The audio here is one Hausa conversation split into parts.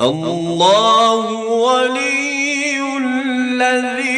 الله ولي الذي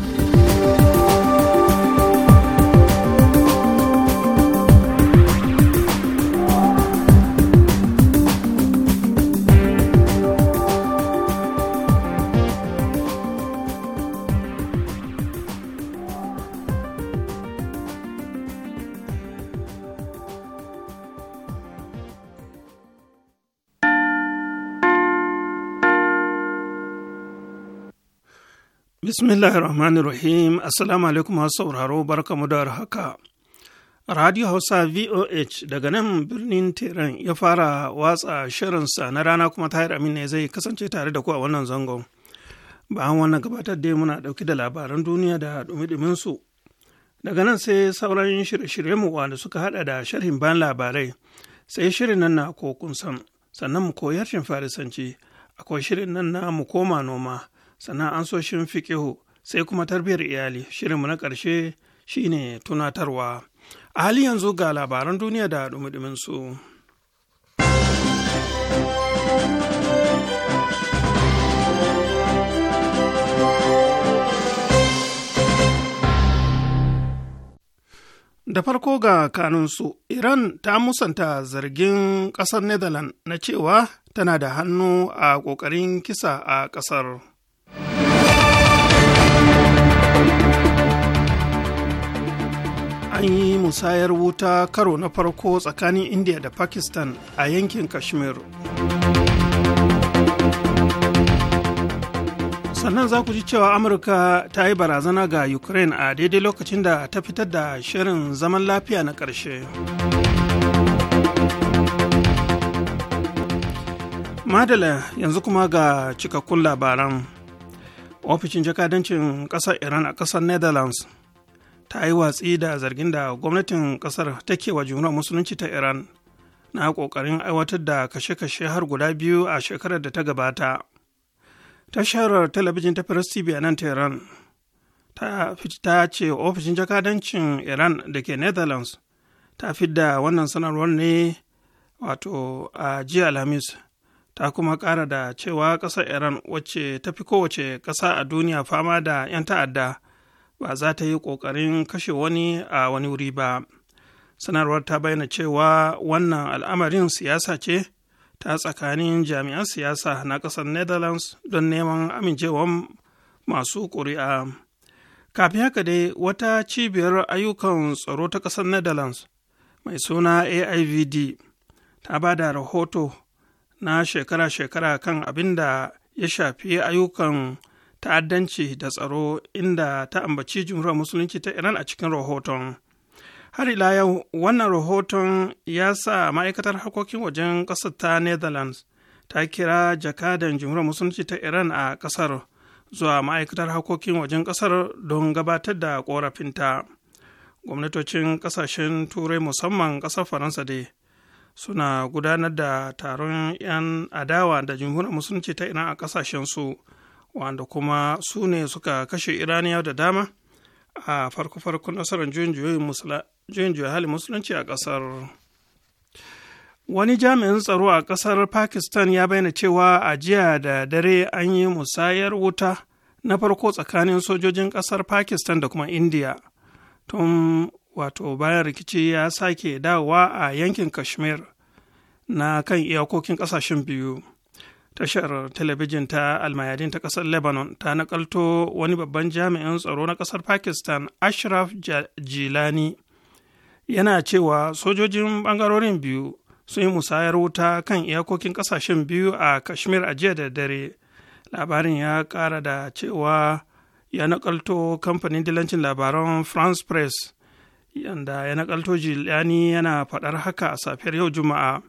Bismillahirrahmanirrahim. Assalamu alaikum masu sauraro barkamu da haka. Radio Hausa VOH daga nan birnin Tehran ya fara watsa shirinsa na rana kuma Tahir Amin ne zai kasance tare da ku a wannan zangon. Bayan wannan gabatar dai muna ɗauki da labaran duniya da dumi su. Daga nan sai sauran shirye-shirye mu wanda suka haɗa da sharhin bayan labarai sai shirin nan na ko san, sannan mu koyar shin farisanci akwai shirin nan na mu koma noma sannan an so shirin sai kuma tarbiyyar iyali shirinmu na ƙarshe shine tunatarwa a hali yanzu ga labaran duniya da dumudumin su da farko ga kanunsu iran ta musanta zargin ƙasar netherlands na cewa tana da hannu a ƙoƙarin kisa a ƙasar an yi musayar wuta karo na farko tsakanin india da pakistan a yankin kashmir sannan za ku ji cewa amurka ta yi barazana ga ukraine a daidai lokacin da ta fitar da shirin zaman lafiya na ƙarshe madala yanzu kuma ga cikakkun labaran ofishin jakadancin ƙasar iran a ƙasar netherlands ta yi watsi da zargin da gwamnatin kasar take wa juna musulunci ta iran na kokarin aiwatar da kashe-kashe har guda biyu a shekarar da ta gabata tasharar talabijin ta firas tv a nan iran ta ta ce ofishin jakadancin iran da ke netherlands ta da wannan sanarwar ne wato a jiya alhamis ta kuma kara da cewa kasar iran wacce ta fi kowace ƙasa a duniya fama da 'yan ta'adda ba za ta yi ƙoƙarin kashe wani a wani wuri ba sanarwar ta bayyana cewa wannan al'amarin siyasa ce ta tsakanin jami'an siyasa na ƙasar netherlands don neman amincewar masu ƙuri'a kafin haka dai wata cibiyar ayyukan tsaro ta ƙasar netherlands mai suna aivd ta ba da rahoto na shekara-shekara kan abin da ya shafi ayyukan ta'addanci da tsaro inda ta ambaci jumhuriyar musulunci ta iran a cikin rahoton har ila yau wannan rahoton ya sa ma'aikatar harkokin wajen ƙasar ta netherlands ta kira jakadan jumhuriyar musulunci ta iran a ƙasar zuwa ma'aikatar harkokin wajen ƙasar don gabatar da ƙorafinta gwamnatocin ƙasashen turai musamman ƙasar faransa dai suna gudanar da taron 'yan adawa da jumhuriyar musulunci ta iran a ƙasashensu su wanda kuma su ne suka kashe iraniya da dama a farko-farkon nasarar juyin juya hali musulunci a ƙasar wani jami'in tsaro a ƙasar pakistan ya bayyana cewa a jiya da dare an yi musayar wuta na farko tsakanin sojojin ƙasar pakistan da kuma india tun wato bayan rikici ya sake dawowa a yankin kashmir na kan iyakokin ƙasashen biyu tashar talabijin ta almayadin ta kasar lebanon ta nakalto wani babban jami'in tsaro na kasar pakistan ashraf jilani yana cewa sojojin bangarorin biyu sun yi musayar wuta kan iyakokin kasashen biyu a kashmir a jiya da dare labarin ya kara da cewa ya nakalto kamfanin dilancin labaran france press yanda ya nakalto jilani yana faɗar haka a safiyar yau juma'a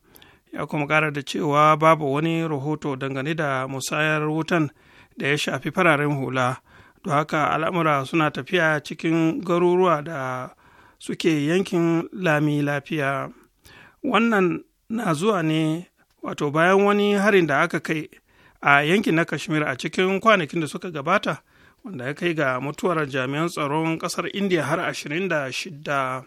ya kuma kara da cewa babu wani rahoto dangane da musayar wutan da ya shafi fararen hula don haka al'amura suna tafiya cikin garuruwa da suke yankin lami lafiya wannan na zuwa ne wato bayan wani harin da aka kai a yankin na kashmir a cikin kwanakin da suka gabata wanda ya kai ga mutuwar jami'an tsaron kasar india har 26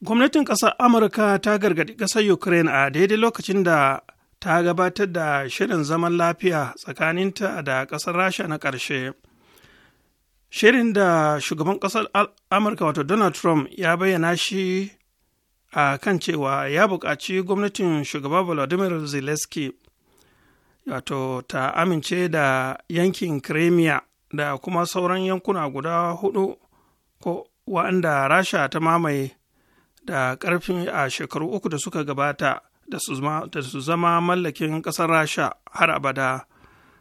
Gwamnatin ƙasar Amurka ta gargaɗi ƙasar Ukraine a daidai lokacin da ta gabatar da shirin zaman lafiya tsakaninta da ƙasar Rasha na ƙarshe. Shirin da shugaban ƙasar Amurka wato Donald Trump ya bayyana shi a kan cewa ya buƙaci gwamnatin shugaba Volodymyr Zelensky wato ta amince da yankin Crimea da kuma sauran yankuna guda hudu ko wa'anda Rasha ta mamaye da ƙarfin a shekaru uku da suka gabata da su zama mallakin ƙasar rasha har abada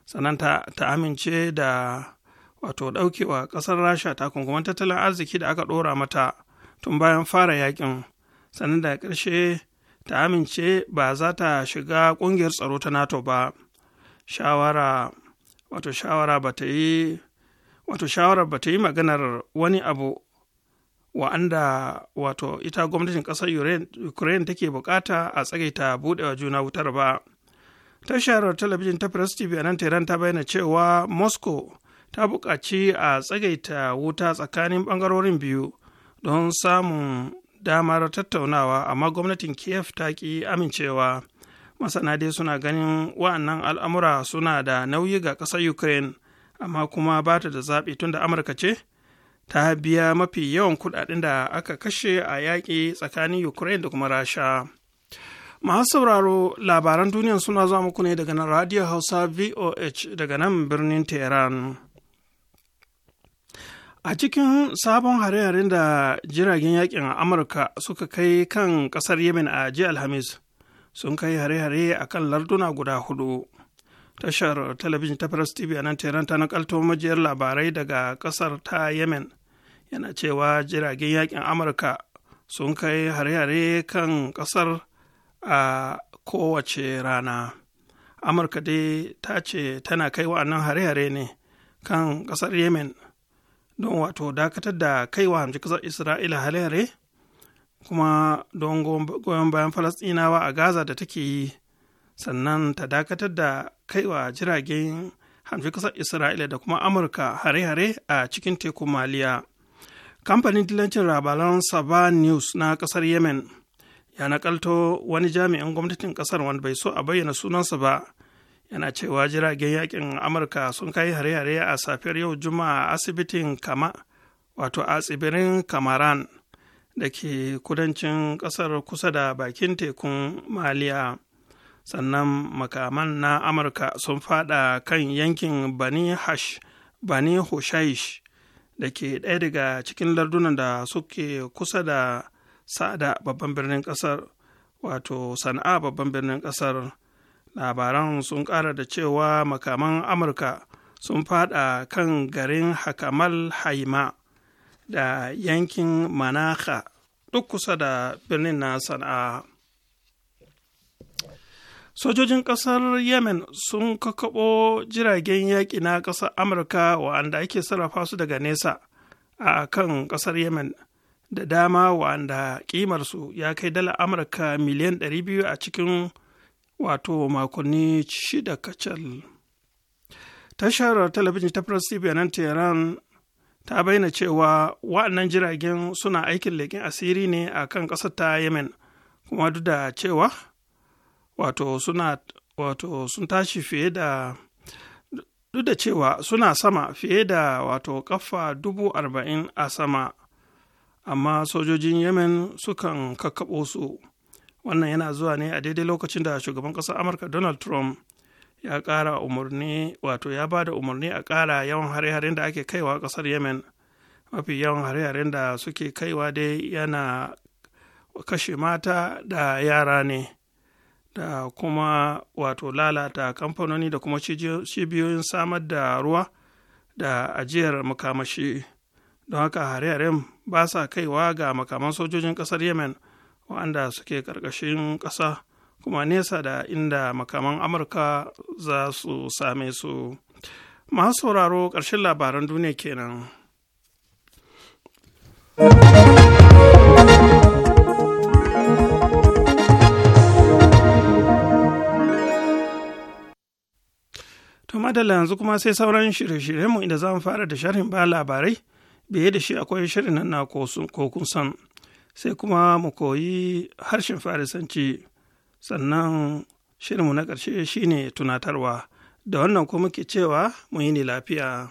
sannan ta, amince da wato ɗaukewa ƙasar rasha ta kungumar tattalin arziki da aka ɗora mata tun bayan fara yakin sannan da ƙarshe ta amince ba za ta shiga ƙungiyar tsaro ta nato ba shawara wato shawara ba ta yi wato shawarar ba ta yi maganar wani abu wa'anda wato ita gwamnatin ƙasar ukraine take bukata a tsagaita buɗewa juna wutar ba tashar talabijin ta press tv a nan tehran ta bayyana cewa moscow ta buƙaci a tsagaita wuta tsakanin ɓangarorin biyu don samun damar tattaunawa amma gwamnatin kiev ta ki amincewa masana dai suna ganin wa'annan al'amura suna da nauyi ga ƙasar ukraine amma kuma ba ta da zaɓi tunda amurka ce ta biya mafi yawan kudaden da aka kashe a yaƙi tsakanin ukraine da kuma rasha masu sauraro labaran duniya suna zuwa muku ne daga nan radio hausa voh daga nan birnin tehran a cikin sabon hare-haren da jiragen yakin amurka suka kai kan kasar yemen a jiya alhamis sun kai hare-hare a kan larduna guda hudu tashar talabijin ta press tv a nan tehran ta nakalto majiyar labarai daga kasar ta yemen yana cewa jiragen yakin amurka sun kai hare-hare kan kasar a kowace rana amurka dai ta ce tana kai wa'annan hare-hare ne kan kasar yemen don wato dakatar da kaiwa hamji kasar isra'ila hare-hare kuma don goyon bayan falasɗinawa a gaza da take yi sannan ta dakatar da kaiwa jiragen hanfi kasar isra'ila da kuma amurka hare-hare a cikin teku maliya kamfanin dillancin labaran saba news na kasar yemen ya nakalto wani jami'in gwamnatin kasar wanda bai so a bayyana sunansa ba yana cewa jiragen yakin amurka sun kai hare-hare a safiyar yau juma'a asibitin kama wato a tsibirin kamaran da ke kudancin kasar kusa da bakin tekun maliya sannan makaman na amurka sun fada kan yankin bani hash bani hushaish da ke ɗaya daga cikin lardunan da suke kusa da sa'ada babban birnin ƙasar wato sana'a babban birnin ƙasar labaran sun ƙara da cewa makaman amurka sun fada kan garin hakamal haima da yankin manaka duk kusa da birnin na sana'a sojojin ƙasar yemen sun kakaɓo jiragen yaƙi na ƙasar amurka wa'anda ake sarrafa su daga nesa a kan ƙasar yemen da dama wa'anda ƙimarsu ya kai dala amurka miliyan 200 a cikin wato makonni shida kacal tashar talabijin ta press tv nan tehran ta bayyana cewa wa'annan jiragen suna aikin leƙen asiri ne a kan ƙasar ta yemen kuma duk da cewa wato suna wato sun tashi fiye da duk da cewa suna sama fiye da wato kafa dubu arba'in a sama amma sojojin yemen sukan kakkaɓo su wannan yana zuwa ne a daidai lokacin da shugaban ƙasar amurka donald trump ya ƙara umarni wato ya ba da umarni a ƙara yawan hare-haren da ake kaiwa ƙasar yemen mafi yawan hare-haren da suke kaiwa dai yana kashe mata da yara ne da kuma wato lalata kamfanoni da kuma cibiyoyin samar da ruwa da ajiyar makamashi don haka hare-haren ba sa kaiwa ga makaman sojojin ƙasar yemen waɗanda suke ƙarƙashin ƙasa kuma nesa da inda makaman amurka za su same su masu sauraro ƙarshen labaran duniya kenan. madalla yanzu kuma sai sauran shirye-shiryenmu inda za mu fara da sharhin ba labarai biye da shi akwai shirin nan na kun san sai kuma mu koyi harshen farisanci sannan shirinmu na ƙarshe shine tunatarwa da wannan kuma muke cewa mu yi ne lafiya.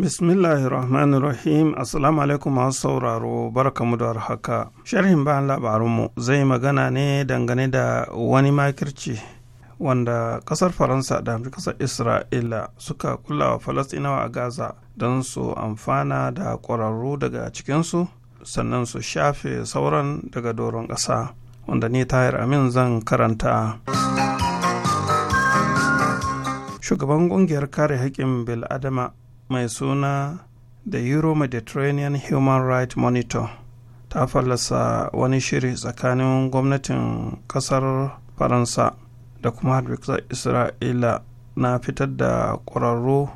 Bismillahirrahmanirrahim Assalamu alaikum masu sauraro barkamu da haka. Sharhin bayan labarunmu zai magana ne dangane da wani makirci wanda kasar Faransa da kasar Isra'ila suka kula wa Falastinawa a Gaza don su amfana da ƙwararru daga cikinsu sannan su shafe sauran daga doron ƙasa wanda ni tahir amin zan karanta. shugaban ƙungiyar kare haƙƙin bil'adama mai suna the euro mediterranean human rights monitor ta fallasa wani shiri tsakanin gwamnatin kasar faransa da kuma hadwiksar isra'ila na fitar da ƙwararru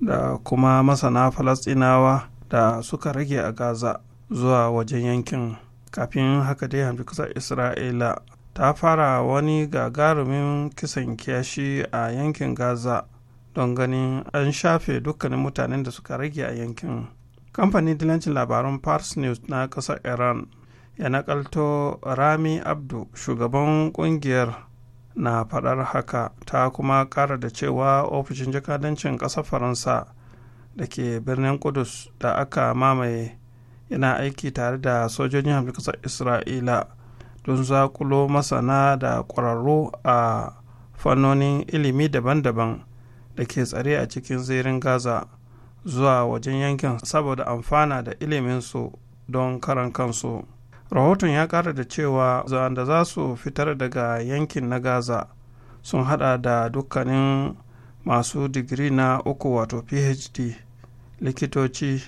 da kuma masana falastinawa da suka rage a gaza zuwa wajen yankin kafin haka dai hadwiksar isra'ila ta fara wani gagarumin kisan kiyashi a yankin gaza don ganin an shafe dukkanin mutanen da suka rage a yankin kamfanin dilancin labarun pars news na kasar iran ya nakalto rami abdu shugaban kungiyar na fadar haka ta kuma kara da cewa ofishin jakadancin ƙasar faransa da ke birnin kudus da aka mamaye yana aiki tare da sojojin hamsin ƙasar isra'ila don zakulo masana da ƙwararru a fannonin ilimi daban-daban da ke tsare a cikin zirin gaza zuwa wajen yankin saboda amfana da iliminsu don karan kansu rahoton ya kara da cewa da za su fitar daga yankin na gaza sun hada da dukkanin masu digiri na uku wato phd likitoci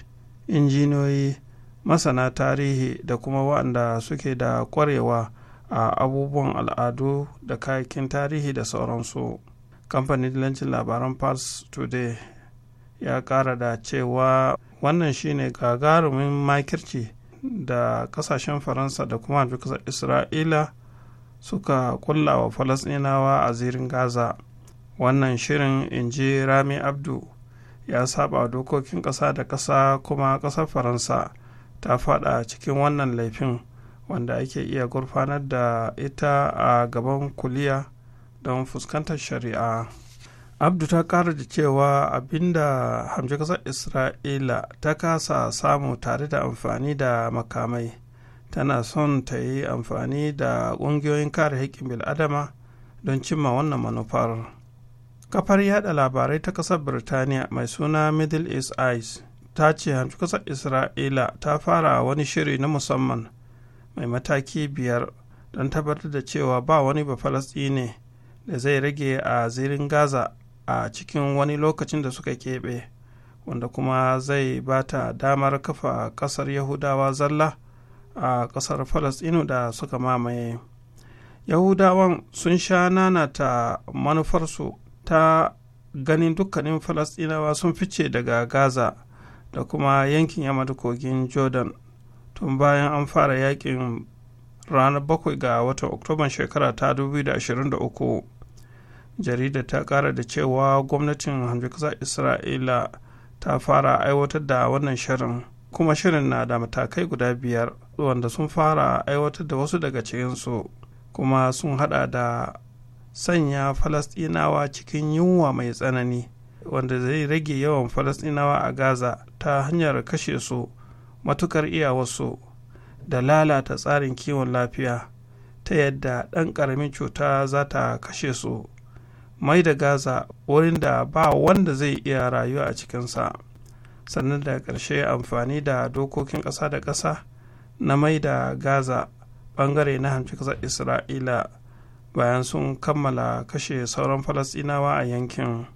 injiniyoyi masana tarihi da kuma waɗanda suke da ƙwarewa a abubuwan al'adu da kayakin tarihi da sauransu. kamfanin dillancin labaran pars today ya kara da cewa wannan shine gagarumin makirci da kasashen faransa da kuma kasar isra'ila suka kulla wa falasdinawa a zirin gaza wannan shirin inji rami abdu ya saba dokokin kasa da kasa kuma kasar faransa ta fada cikin wannan laifin wanda ake iya gurfanar da ita a gaban kuliya don fuskantar shari'a abdu ta kara da cewa abinda hamshe kasar isra'ila ta kasa samu tare da amfani da makamai tana son ta yi amfani da ƙungiyoyin kare haƙƙin bil'adama don cimma wannan manufar kafar yada labarai ta ƙasar birtaniya mai suna middle east eyes ta ce hamshi kasar isra'ila ta fara wani shiri na musamman mai mataki biyar don tabbatar da cewa ba wani ba ne da zai rage a zirin gaza a cikin wani lokacin da suka keɓe wanda kuma zai ba ta damar kafa ƙasar yahudawa zalla a ƙasar falasɗinu da suka mamaye yahudawan sun sha nanata manufarsu ta ganin dukkanin falasɗinawa sun fice daga gaza da kuma yankin yamma kogin jordan tun bayan an fara yakin ranar bakwai ga watan oktoban shekara ta 2023 jarida ta kara da cewa gwamnatin hamdukasa isra'ila ta fara aiwatar da wannan shirin kuma shirin na da matakai guda biyar wanda sun fara aiwatar da wasu daga cikinsu kuma sun hada da sanya falastinawa cikin yunwa mai tsanani wanda zai rage yawan falastinawa a gaza ta hanyar kashe su matukar iyawarsu da lalata tsarin kiwon lafiya ta yadda ɗan ƙaramin cuta za ta kashe su mai da gaza wurin da ba wanda zai iya rayuwa a cikinsa sannan da ƙarshe amfani da dokokin ƙasa da ƙasa na mai da gaza ɓangare na hamci ƙasar isra'ila bayan sun kammala kashe sauran falasɗinawa a yankin.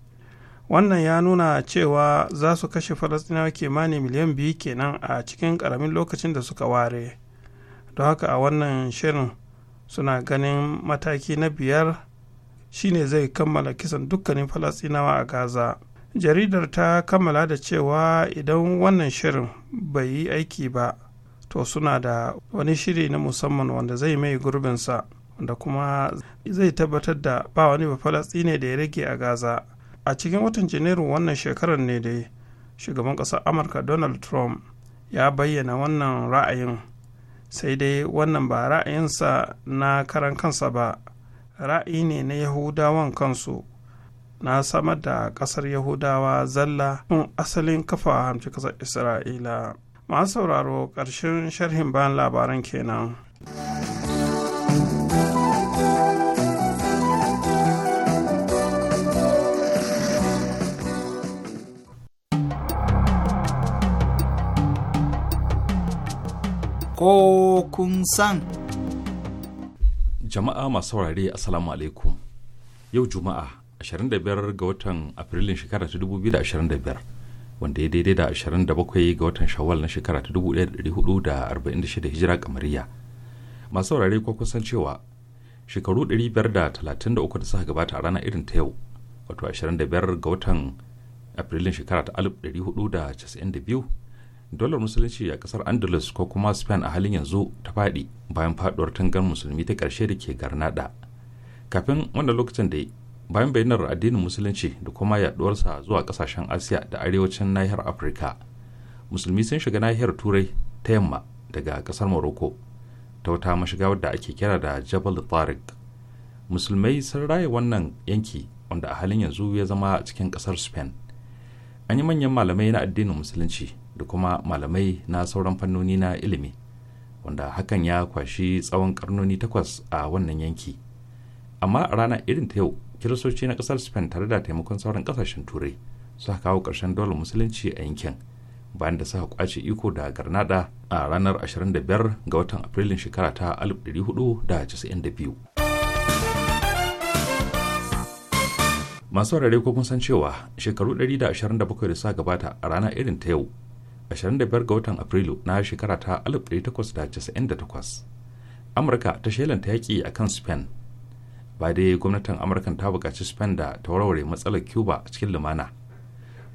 wannan ya nuna cewa za su kashe falastinawa kimanin miliyan biyu kenan a cikin karamin lokacin da suka ware don haka a wannan shirin suna ganin mataki na biyar shine zai kammala kisan dukkanin falastinawa a gaza jaridar ta kammala da cewa idan wannan shirin bai yi aiki ba to suna da wani shiri na musamman wanda zai mai gurbinsa wanda kuma zai tabbatar da ba wani ba falastine da ya rage a gaza a cikin watan janairu wannan shekarar ne da shugaban ƙasar amurka donald trump ya bayyana wannan ra'ayin sai dai wannan ba ra'ayinsa na karan kansa ba ra'ayi ne na yahudawan kansu na samar da ƙasar yahudawa zalla tun asalin kafa hamci ƙasar isra'ila masu sauraro ƙarshen sharhin bayan labaran kenan. ko kun san. Jama'a masu saurare Assalamu alaikum. Yau Juma'a 25 ga watan Afrilun shekara ta 2025 wanda ya daidai da 27 ga watan Shawwal na shekara ta 1446 Hijira kamariya. Masu saurare ko kusan cewa shekaru 533 da suka gabata a ranar irin ta yau wato 25 ga watan Afrilun shekara ta 1492 dolar musulunci a kasar andalus ko kuma spain a halin yanzu ta faɗi bayan faɗuwar tangar musulmi ta ƙarshe da ke garnada kafin wannan lokacin da bayan bayyanar addinin musulunci da kuma yaduwarsa zuwa ƙasashen asiya da arewacin nahiyar afirka musulmi sun shiga nahiyar turai ta yamma daga ƙasar morocco ta wata mashiga wadda ake kira da jabal tariq musulmai sun raye wannan yanki wanda a halin yanzu ya zama cikin ƙasar spain an yi manyan malamai na addinin musulunci da kuma malamai na sauran fannoni na ilimi wanda hakan ya kwashi tsawon karnoni takwas a wannan yanki amma a rana irin ta yau kiristoci na kasar spain tare da taimakon sauran kasashen turai su kawo ƙarshen dole musulunci a yankin bayan da suka kwace iko da garnada a ranar 25 ga watan afrilun shekara ta 1492 masu rarrai ko kun san cewa shekaru 127 da suka gabata a rana irin ta yau 25 ga watan Afrilu na shekara ta 1898. Amurka ta shelanta yaƙi a kan Spain. Ba dai gwamnatin Amurkan ta buƙaci Spain da ta warware matsalar Cuba cikin lumana.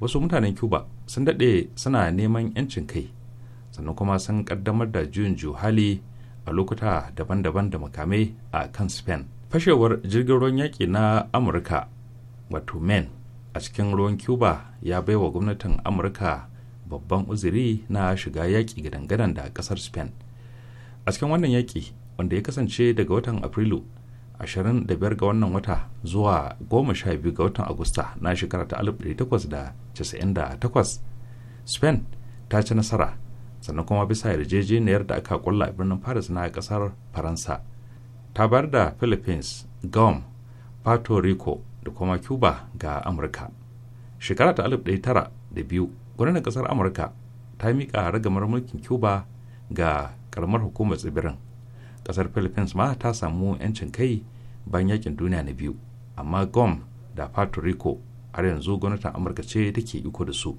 Wasu mutanen Cuba sun daɗe suna neman 'yancin kai, sannan kuma sun ƙaddamar da juyin juhali a lokuta daban-daban da makamai a kan Spain. Fashewar jirgin ruwan yaƙi na Amurka, wato men a cikin ruwan Cuba ya baiwa gwamnatin Amurka babban uziri na shiga yaƙi gadangadan da ƙasar spain a cikin wannan yaƙi wanda ya kasance daga watan afrilu 25 ga wannan wata zuwa 12 ga watan agusta na shekara ta 1898 spain ta ci nasara sannan kuma bisa yarjejeniyar da aka kulla a birnin paris na ƙasar faransa ta bayar da philippines guam puerto rico da kuma cuba ga amurka shekara ta 1902 gwamnatin kasar amurka ta miƙa ragamar mulkin cuba ga karamar hukumar tsibirin kasar philippines ma ta samu 'yancin kai bayan yakin duniya na biyu amma gom da puerto rico har yanzu gwamnatin amurka ce take iko da su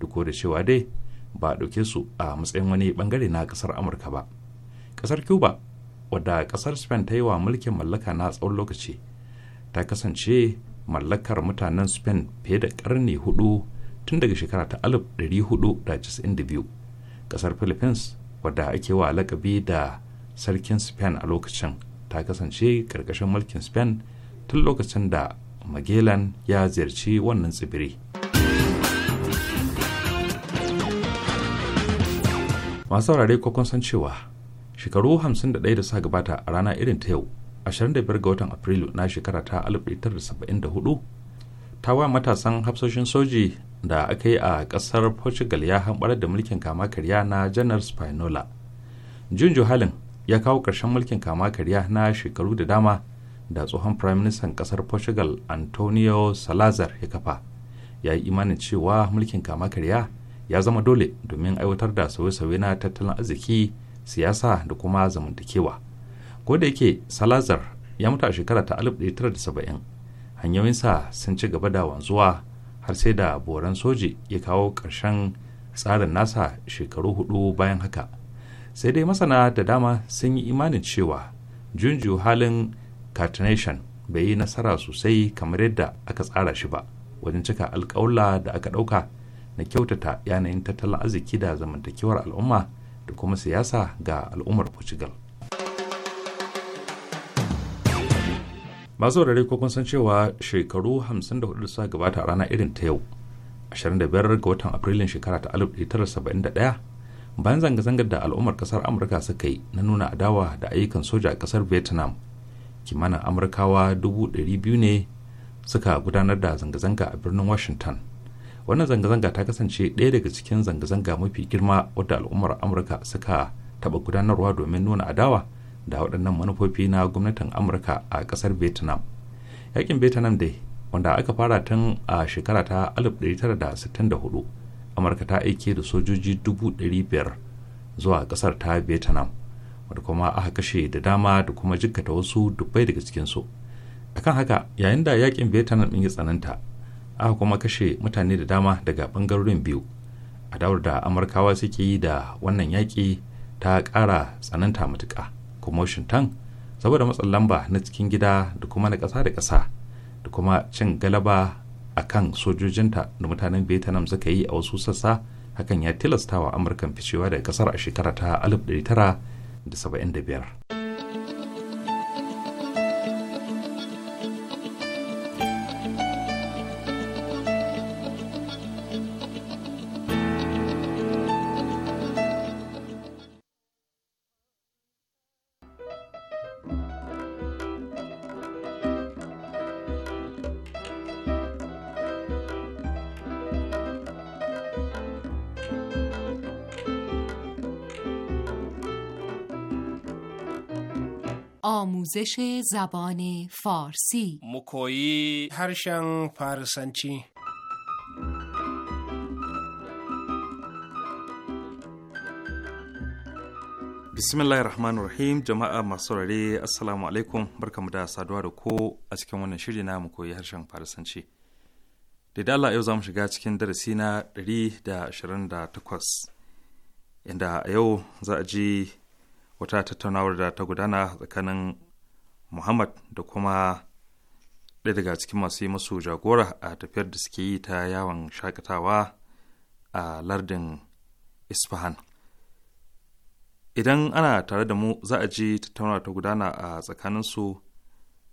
duk da cewa dai ba a ɗauke su a matsayin wani bangare na kasar amurka ba kasar cuba wadda kasar spain ta yi wa mulkin mallaka na tsawon lokaci ta kasance mallakar mutanen spain fiye da karni hudu tun daga shekara ta 1492 kasar philippines wadda ake wa lakabi da sarkin spain a lokacin ta kasance karkashin mulkin spain tun lokacin da magellan ya ziyarci wannan tsibiri masu saurare ko san cewa shekaru 51 da sa gabata a rana irin ta yau 25 ga watan afrilu na shekara ta 1974 ta wa matasan hafsoshin soji da aka yi a ƙasar portugal ya hambar da mulkin kama karya na janar spinola jun halin ya kawo ƙarshen mulkin kama karya na shekaru da dama da tsohon firaministan ƙasar portugal antonio salazar ya kafa ya yi imanin cewa mulkin kama karya ya zama dole domin aiwatar da sauye-sauye na tattalin arziki siyasa da kuma zamantakewa ko da yake salazar ya mutu a shekara ta 1970 hanyoyinsa sun ci gaba da wanzuwa har sai da boran soji ya kawo ƙarshen tsarin nasa shekaru hudu bayan haka sai dai masana da dama sun yi imanin cewa junju halin catenation bai yi nasara sosai kamar yadda aka tsara shi ba wajen cika alkawla da aka ɗauka na kyautata yanayin tattalin arziki da zamantakewar al'umma da kuma siyasa ga al'ummar portugal masu wurare ko kun san cewa shekaru 54 da suka gabata a rana irin ta yau 25 ga watan afrilun shekara ta 1971 bayan zanga-zangar da al'ummar kasar amurka suka yi na nuna adawa da ayyukan soja a kasar vietnam kimanin amurkawa 200,000 ne suka gudanar da zanga-zanga a birnin washington wannan zanga-zanga ta kasance ɗaya daga cikin zanga-zanga mafi girma wadda al'ummar amurka suka taba gudanarwa domin nuna adawa da waɗannan manufofi na gwamnatin amurka a ƙasar vietnam yakin vietnam dai wanda aka fara tun a shekara ta 1964 amurka ta aike da sojoji 500,000 zuwa ƙasar ta vietnam wadda kuma aka kashe da dama da kuma jikkata wasu dubbai daga cikinsu akan haka yayin da yakin vietnam ɗin ya tsananta aka kuma kashe mutane da dama daga ɓangarorin biyu adawar da amurkawa suke yi da wannan yaƙi ta ƙara tsananta matuƙa kuma tan saboda matsin lamba na cikin gida da kuma na ƙasa da ƙasa da kuma cin galaba a kan sojojinta da mutanen vietnam suka yi a wasu sassa hakan ya tilastawa amurkan ficewa daga ƙasar a shekara ta 1975 آموزش زبان فارسی مکویی هرشن فارسنچی bismillahir rahmanir rahim jama'a masu rare assalamu alaikum barkamu da saduwa da ko a cikin wannan shiri na mu koyi harshen farisanci da Allah yau za mu shiga cikin darasi na 128 inda a yau za a ji wata tattaunawar da ta gudana tsakanin muhammad da kuma ɗaya daga cikin masu yi masu jagora a tafiyar da suke yi ta yawon shakatawa a lardin isfahan idan ana tare da mu za a ji tattauna ta gudana a tsakaninsu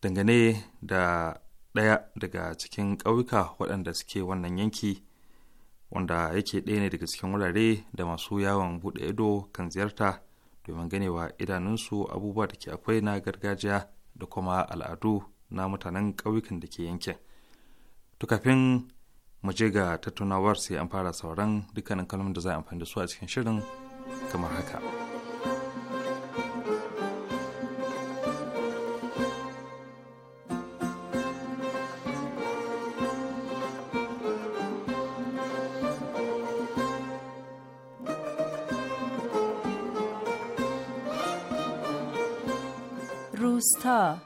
dangane da ɗaya daga cikin ƙauyuka waɗanda suke wannan yanki wanda yake ɗaya ne daga cikin wurare da masu yawon buɗe ido kan ziyarta domin ganewa idanunsu abubuwa da ke akwai na gargajiya da kuma al'adu na mutanen ƙauyukan da ke yankin to kafin mu je ga tattaunawar sai an fara sauran dukkanin kalmomin da za a amfani da su a cikin shirin kamar haka. روستا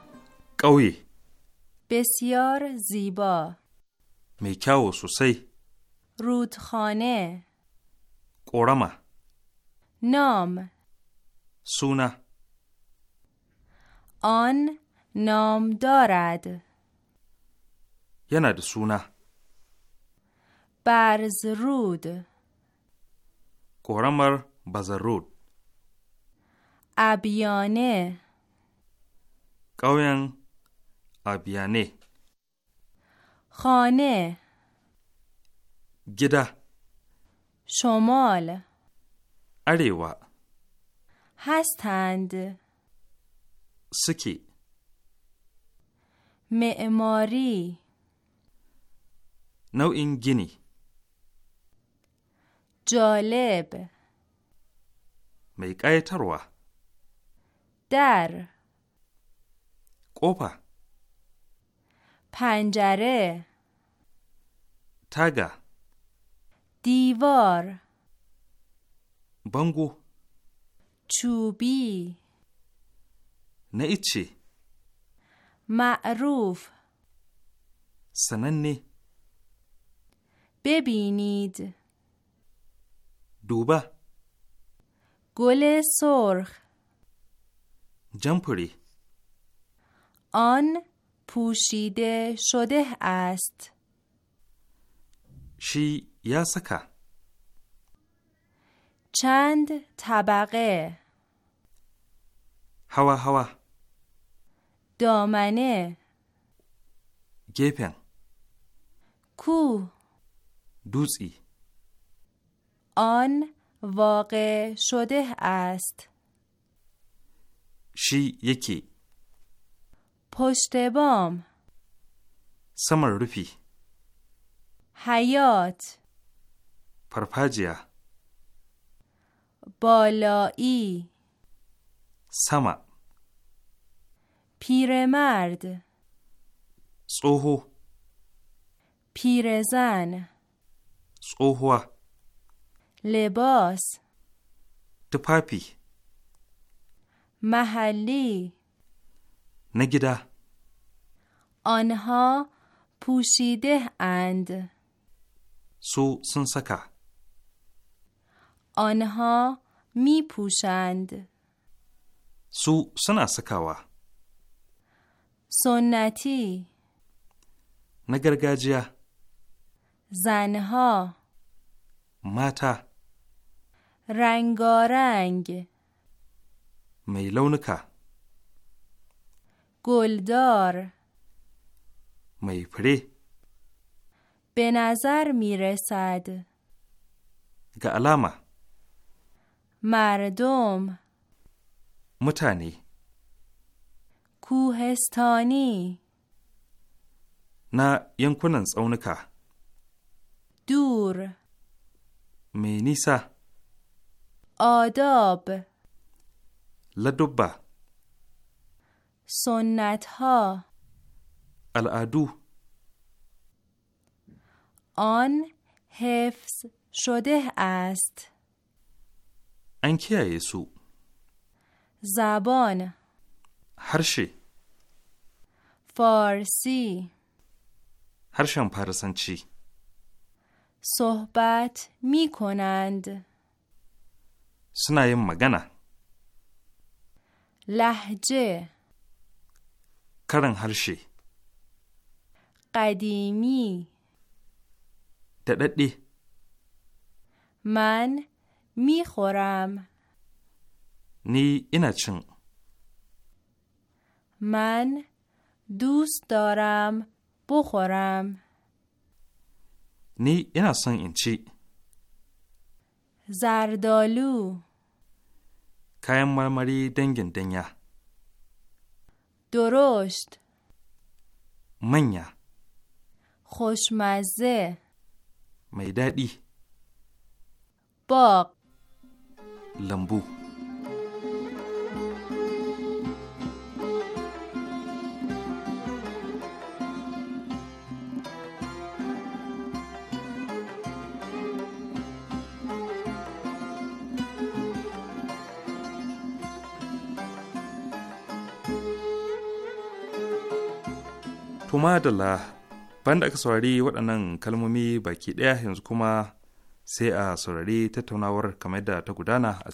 قوی بسیار زیبا و سوسی رودخانه قرمه نام سونا آن نام دارد یه ند سونا برز رود قرمر رود ابیانه قویان آبیانه خانه گده شمال اریوا هستند سکی معماری نو این گینی جالب می قایتروا در قوپا پنجره تگا دیوار بانگو چوبی نیچی، معروف سننی ببینید دوبه گل سرخ جمپری آن پوشیده شده است شی یا سکه چند طبقه هوا هوا دامنه گپن کو دوزی آن واقع شده است شی یکی پشت بام سمر رفی حیات پرپاجیا بالایی سما پیرمرد سوهو، پیرزن سوهو، لباس تپاپی محلی نگیده آنها پوشیده اند سو سنسکا آنها می پوشند سو سناسکاوا سنتی نگرگاجیا زنها ماتا رنگارنگ میلونکا گلدار می فره به نظر می رسد گه علامه مردم متانی کوهستانی نه ینکنن تسونکا دور می نیسا آداب لدبه سنت ها العدو آن حفظ شده است انکی ایسو زبان هرشی فارسی هرشم چی؟ صحبت می کنند سنای مگنه لحجه کرن هرشی قدیمی تددی من میخورم نی اینا چن من دوست دارم بخورم نی اینا سن این چی زردالو کایم مرمری دنگن دنیا درشت منیا خوشمزه میدادی باغ لمبو ما bayan da aka saurari waɗannan kalmomi baki ɗaya yanzu kuma sai a saurari tattaunawar kamar da ta gudana a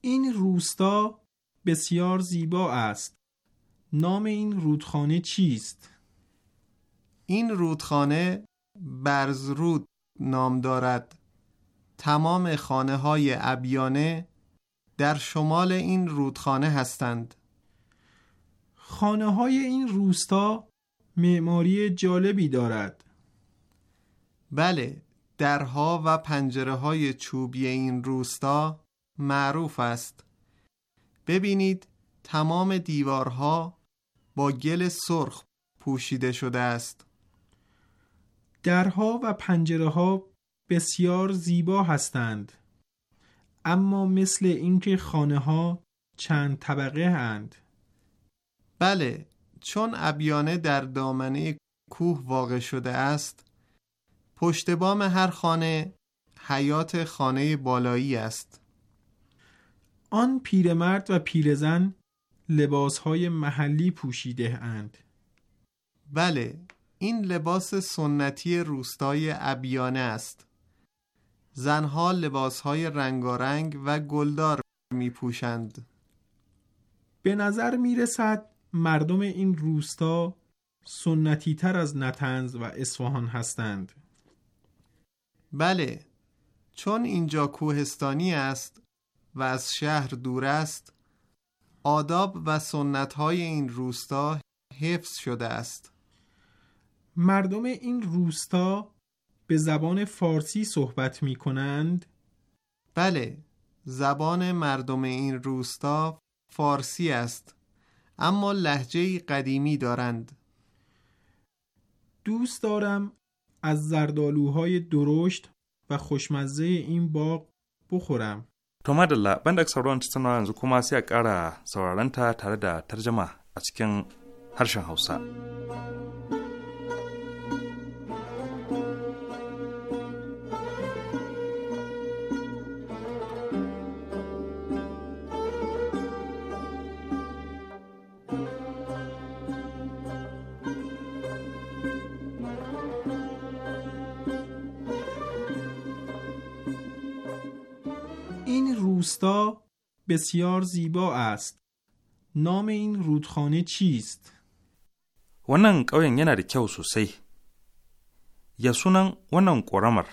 این روستا بسیار زیبا است. نام این رودخانه چیست؟ این رودخانه برزرود نام دارد. تمام خانه های ابیانه در شمال این رودخانه هستند. خانه های این روستا معماری جالبی دارد بله درها و پنجره های چوبی این روستا معروف است ببینید تمام دیوارها با گل سرخ پوشیده شده است درها و پنجره ها بسیار زیبا هستند اما مثل اینکه خانه ها چند طبقه هند بله چون ابیانه در دامنه کوه واقع شده است پشت بام هر خانه حیات خانه بالایی است آن پیرمرد و پیرزن لباسهای محلی پوشیده اند بله این لباس سنتی روستای ابیانه است زنها لباسهای رنگارنگ و گلدار می پوشند به نظر می رسد مردم این روستا سنتی تر از نتنز و اصفهان هستند بله چون اینجا کوهستانی است و از شهر دور است آداب و سنت های این روستا حفظ شده است مردم این روستا به زبان فارسی صحبت می کنند؟ بله زبان مردم این روستا فارسی است اما لحجه قدیمی دارند دوست دارم از زردالوهای درشت و خوشمزه این باغ بخورم تومادلا بند اکسوران چتنوان زو کماسی اکارا سوارلن تاره ترده ترجمه از کن هرشن حوصا روستا بسیار زیبا است. نام این رودخانه چیست؟ wannan ƙauyen yana da kyau sosai. Ya sunan wannan ƙoramar.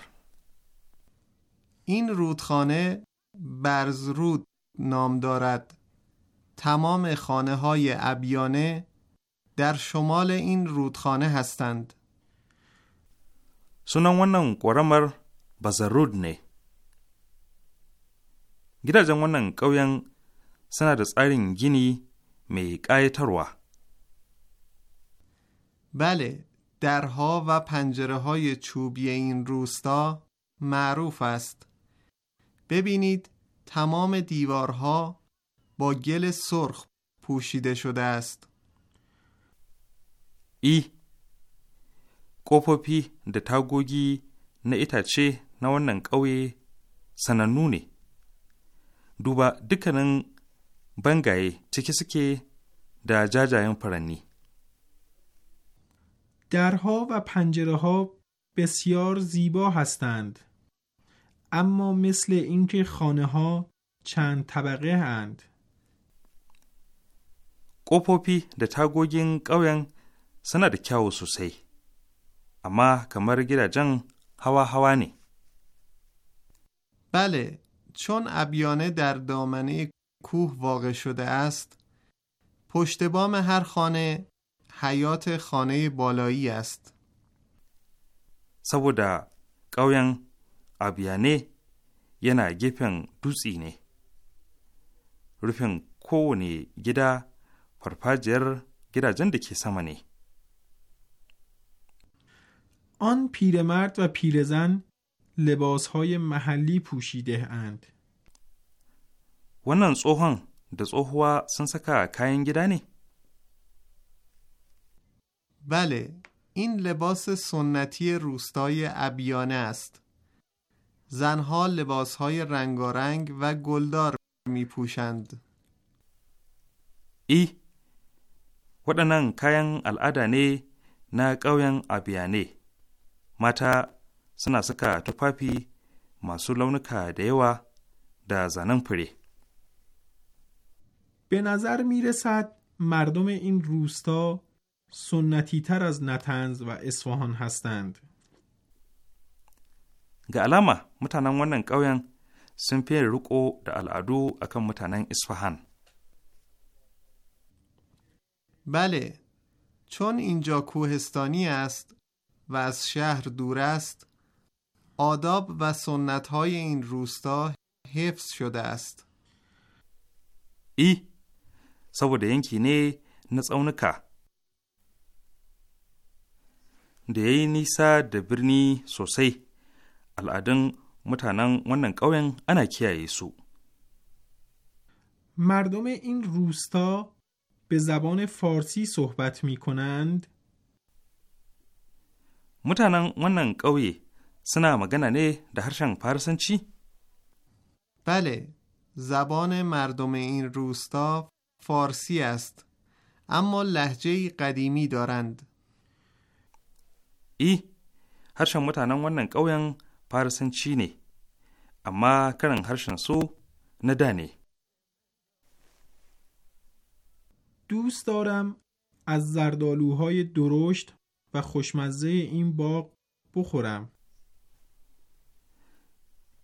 این رودخانه برزرود نام دارد. تمام خانه های ابیانه در شمال این رودخانه هستند. سنن ونن قورمر بزرود نه. گیره جنگ و ننگ قوی هم سند از ایرین گینی می گه تروه. بله درها و پنجره های چوبی این روستا معروف است. ببینید تمام دیوارها با گل سرخ پوشیده شده است. ای! گوپو پیه ده تا نه نیتر چه نوان ننگ قوی سند Duba dukkanin bangaye ciki suke da jajayen faranni. Darho ba fanjirho ba siyar hastand, amma misli in ki faunaho can taba gahand. Ƙofofi da tagogin ƙauyen suna da kyau sosai, amma kamar gidajen hawa-hawa ne. Bale چون ابیانه در دامنه کوه واقع شده است پشت بام هر خانه حیات خانه بالایی است سبودا قویان ابیانه ینا گیفن دوزی نه رفن کونی گدا پرپاجر گدا جند کی سمنی. آن پیرمرد و پیرزن لباسهای محلی پوشیده اند. wannan tsohon da tsohuwa sun بله این لباس سنتی روستای ابیانه است زنها لباسهای رنگارنگ و گلدار می پوشند ای ودنن کاین al'ada نه نا ابیانه متا suna suka tufafi masu launuka da yawa da zanen fure. به نظر می رسد مردم این روستا سنتی تر از نتنز و اصفهان هستند. ga alama mutanen wannan ƙauyen sun fiye riko da al'adu akan mutanen isfahan. bale چون اینجا کوهستانی است و از شهر دور است آداب و سنت های این روستا حفظ شده است. ای سبو این ینکی نی نصاو نکا ده نیسا ده برنی سوسی الادن متانن ونن قوین انا کیا ایسو مردم این روستا به زبان فارسی صحبت می کنند متانن ونن قوی سنا مگنه نه ده هرشن پارسن چی؟ بله زبان مردم این روستا فارسی است اما لحجه قدیمی دارند ای هرشن متانن wannan ƙauyen فارسنچی نه اما هر هرشن سو ندانه دوست دارم از زردالوهای درشت و خوشمزه این باغ بخورم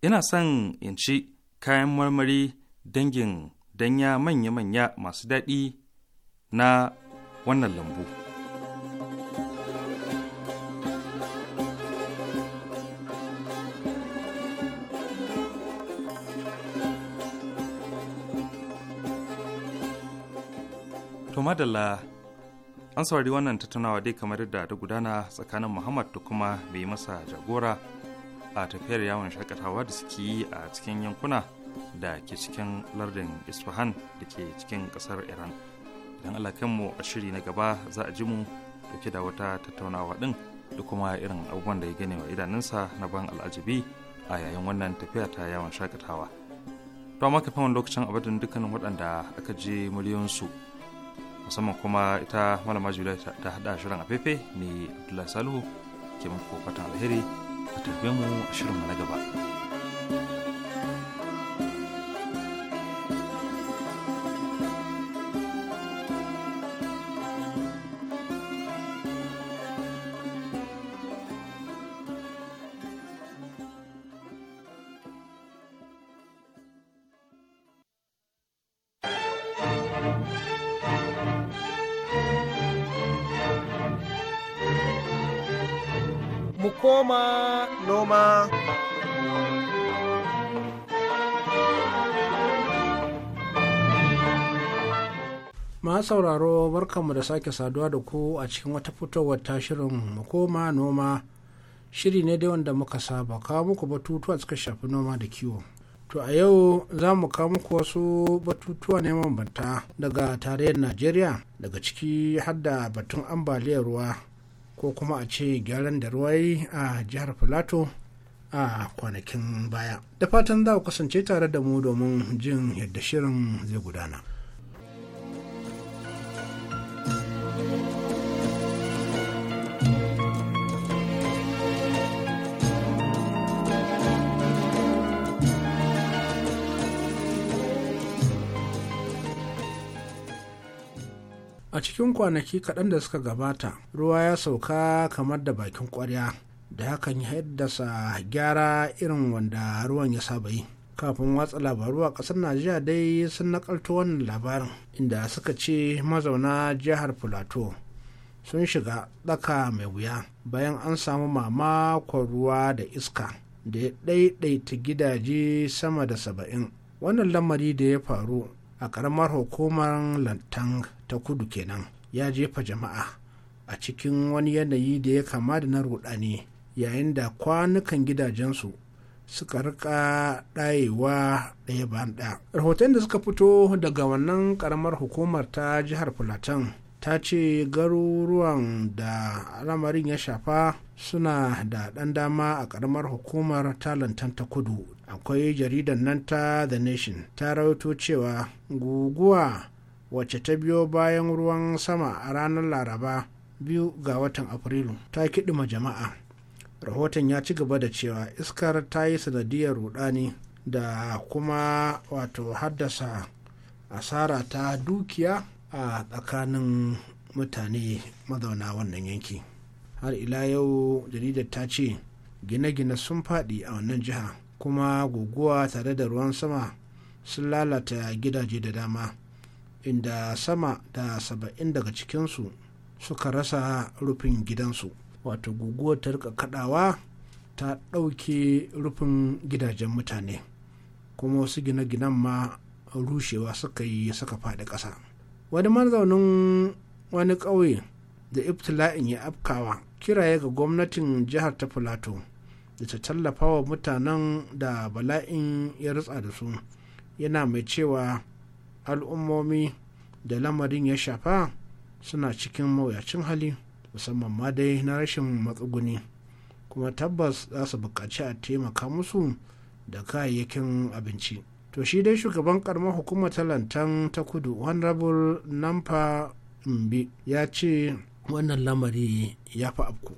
ina son in ci kayan marmari dangin danya manya-manya masu daɗi na wannan lambu. To madalla an saurari wannan tattaunawa dai kamar da ta gudana tsakanin Muhammad da kuma mai masa jagora a tafiyar yawon shakatawa da suke yi a cikin yankuna da ke cikin lardin isfahan da ke cikin kasar iran idan al'akanmu kanmu a shiri na gaba za a ji mu dauke da wata tattaunawa din da kuma irin abubuwan da ya gane wa idanunsa na ban al'ajabi a yayin wannan tafiya ta yawon shakatawa to amma kafin wani lokacin abadin dukkanin waɗanda aka je miliyansu musamman kuma ita malama juliya ta haɗa shirin a ne abdullahi salihu ke muku fatan alheri ku tarbe mu shirinmu na gaba. sauraro barkanmu da sake saduwa da ku a cikin wata fitowar tashirin koma noma shiri ne dai wanda muka saba kawo muku batutuwa suka shafi noma da kiwo to a yau za mu kawo muku wasu batutuwa ne mabanta daga tarayyar najeriya daga ciki hadda batun ambaliyar ruwa ko kuma a ce gyaran da ruwa yi a jihar filato a kwanakin baya da fatan za ku kasance tare da mu domin jin yadda shirin zai gudana a cikin kwanaki kaɗan da suka gabata ruwa ya sauka kamar da bakin ƙwarya da hakan ya haddasa gyara irin wanda ruwan ya saba yi kafin watsa labaru a ƙasar najeriya dai sun naƙalto wannan labarin inda suka ce mazauna jihar plateau sun shiga tsaka mai wuya bayan an samu mamakon ruwa da iska da ya ɗaiɗaita gidaje sama da saba'in wannan lamari da ya faru a ƙaramar hukumar lantang ta kudu kenan ya jefa jama'a a cikin wani yanayi da ya kama da na rudani yayin da kwanukan gidajensu suka rika ɗayewa ɗaya bayan ɗaya. rahoton da suka fito daga wannan ƙaramar hukumar ta jihar Filatan ta ce garuruwan da lamarin ya shafa suna da ɗan dama a ƙaramar hukumar talantan ta kudu akwai jaridan nan ta the nation ta rawaito cewa guguwa wacce ta biyo bayan ruwan sama a ranar laraba biyu ga watan afrilu ta kiɗima jama'a rahoton ya ci gaba da cewa iskar ta yi sanadiyar rudani da kuma wato haddasa asara ta dukiya a tsakanin mutane mazauna wannan yanki har ila yau jaridar ta ce gine-gine sun faɗi a wannan jiha kuma guguwa tare da ruwan sama sun lalata gidaje da dama inda sama da saba'in daga cikinsu suka rasa rufin gidansu wato guguwar ta rika kadawa ta ɗauke rufin gidajen mutane kuma wasu gine-ginen ma rushewa suka yi suka faɗi ƙasa wani mazaunin wani ƙauye da ibtila'in ya afkawa kiraye ga gwamnatin jihar ta filato da ta tallafa wa mutanen da bala'in ya rutsa da su yana mai cewa al'ummomi da lamarin ya shafa suna cikin mawuyacin hali musamman ma dai na rashin matsuguni kuma tabbas za su buƙaci a taimaka musu da kayayyakin abinci to shi dai shugaban karamar hukumar talantan ta kudu honorable namfa mbi ya ce wannan lamari ya fi afku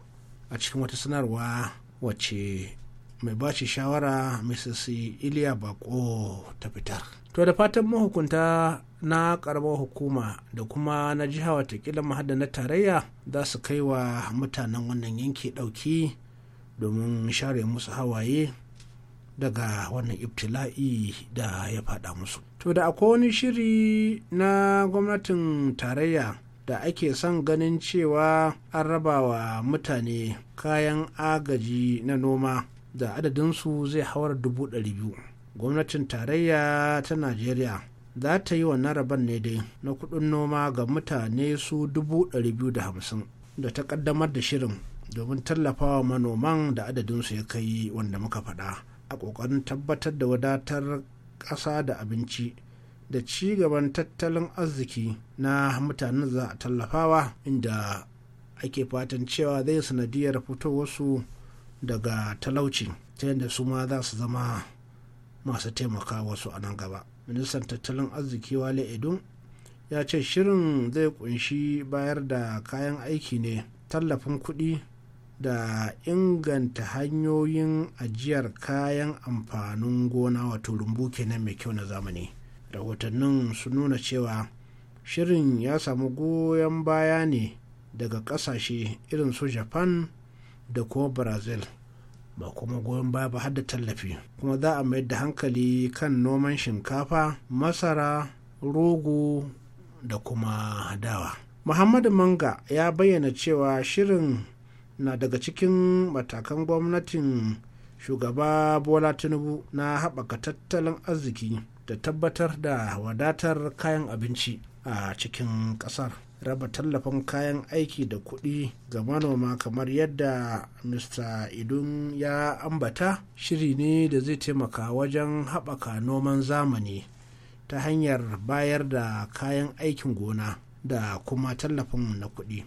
a cikin wata sanarwa wacce mai bashi shawara mrs iliya bako ta fitar to da fatan mahukunta na karamar hukuma da kuma na jiha watakila mahada na tarayya za su kai wa mutanen wannan yanki ɗauki domin share musu hawaye daga wannan iftila'i da ya faɗa musu to da akwai wani shiri na gwamnatin tarayya da ake son ganin cewa an raba wa mutane kayan agaji na noma da adadinsu zai hawar dubu ɗari biyu gwamnatin tarayya ta najeriya za ta yi wannan rabon ne dai na kudin noma ga mutane su 250,000 da hamsin da ta kaddamar da shirin domin tallafawa manoman da adadinsu ya kai wanda muka faɗa a ƙoƙarin tabbatar da wadatar ƙasa da abinci da ci gaban tattalin arziki na mutanen za a tallafawa inda ake fatan cewa zai sanadiyar fito wasu daga talauci ta yadda su ma za su zama masu taimaka wasu a nan gaba ministan tattalin arziki wale edo ya ce shirin zai kunshi bayar da kayan aiki ne tallafin kuɗi da inganta hanyoyin ajiyar kayan amfanin gona wato rumbu kenan mai kyau na zamani rahotannin su nuna cewa shirin ya samu goyon baya ne daga ƙasashe irin su japan da kuma brazil ba kuma goyon baya ba har da tallafi kuma za a mayar da hankali kan noman shinkafa masara rogo da kuma dawa muhammadu manga ya bayyana cewa shirin na daga cikin matakan gwamnatin shugaba bola tinubu na haɓaka tattalin arziki da tabbatar da wadatar kayan abinci a cikin ƙasar raba tallafin kayan aiki da kuɗi ga manoma kamar yadda mr idun ya ambata shiri ne da zai taimaka wajen haɓaka noman zamani ta hanyar bayar da kayan aikin gona da kuma tallafin na kuɗi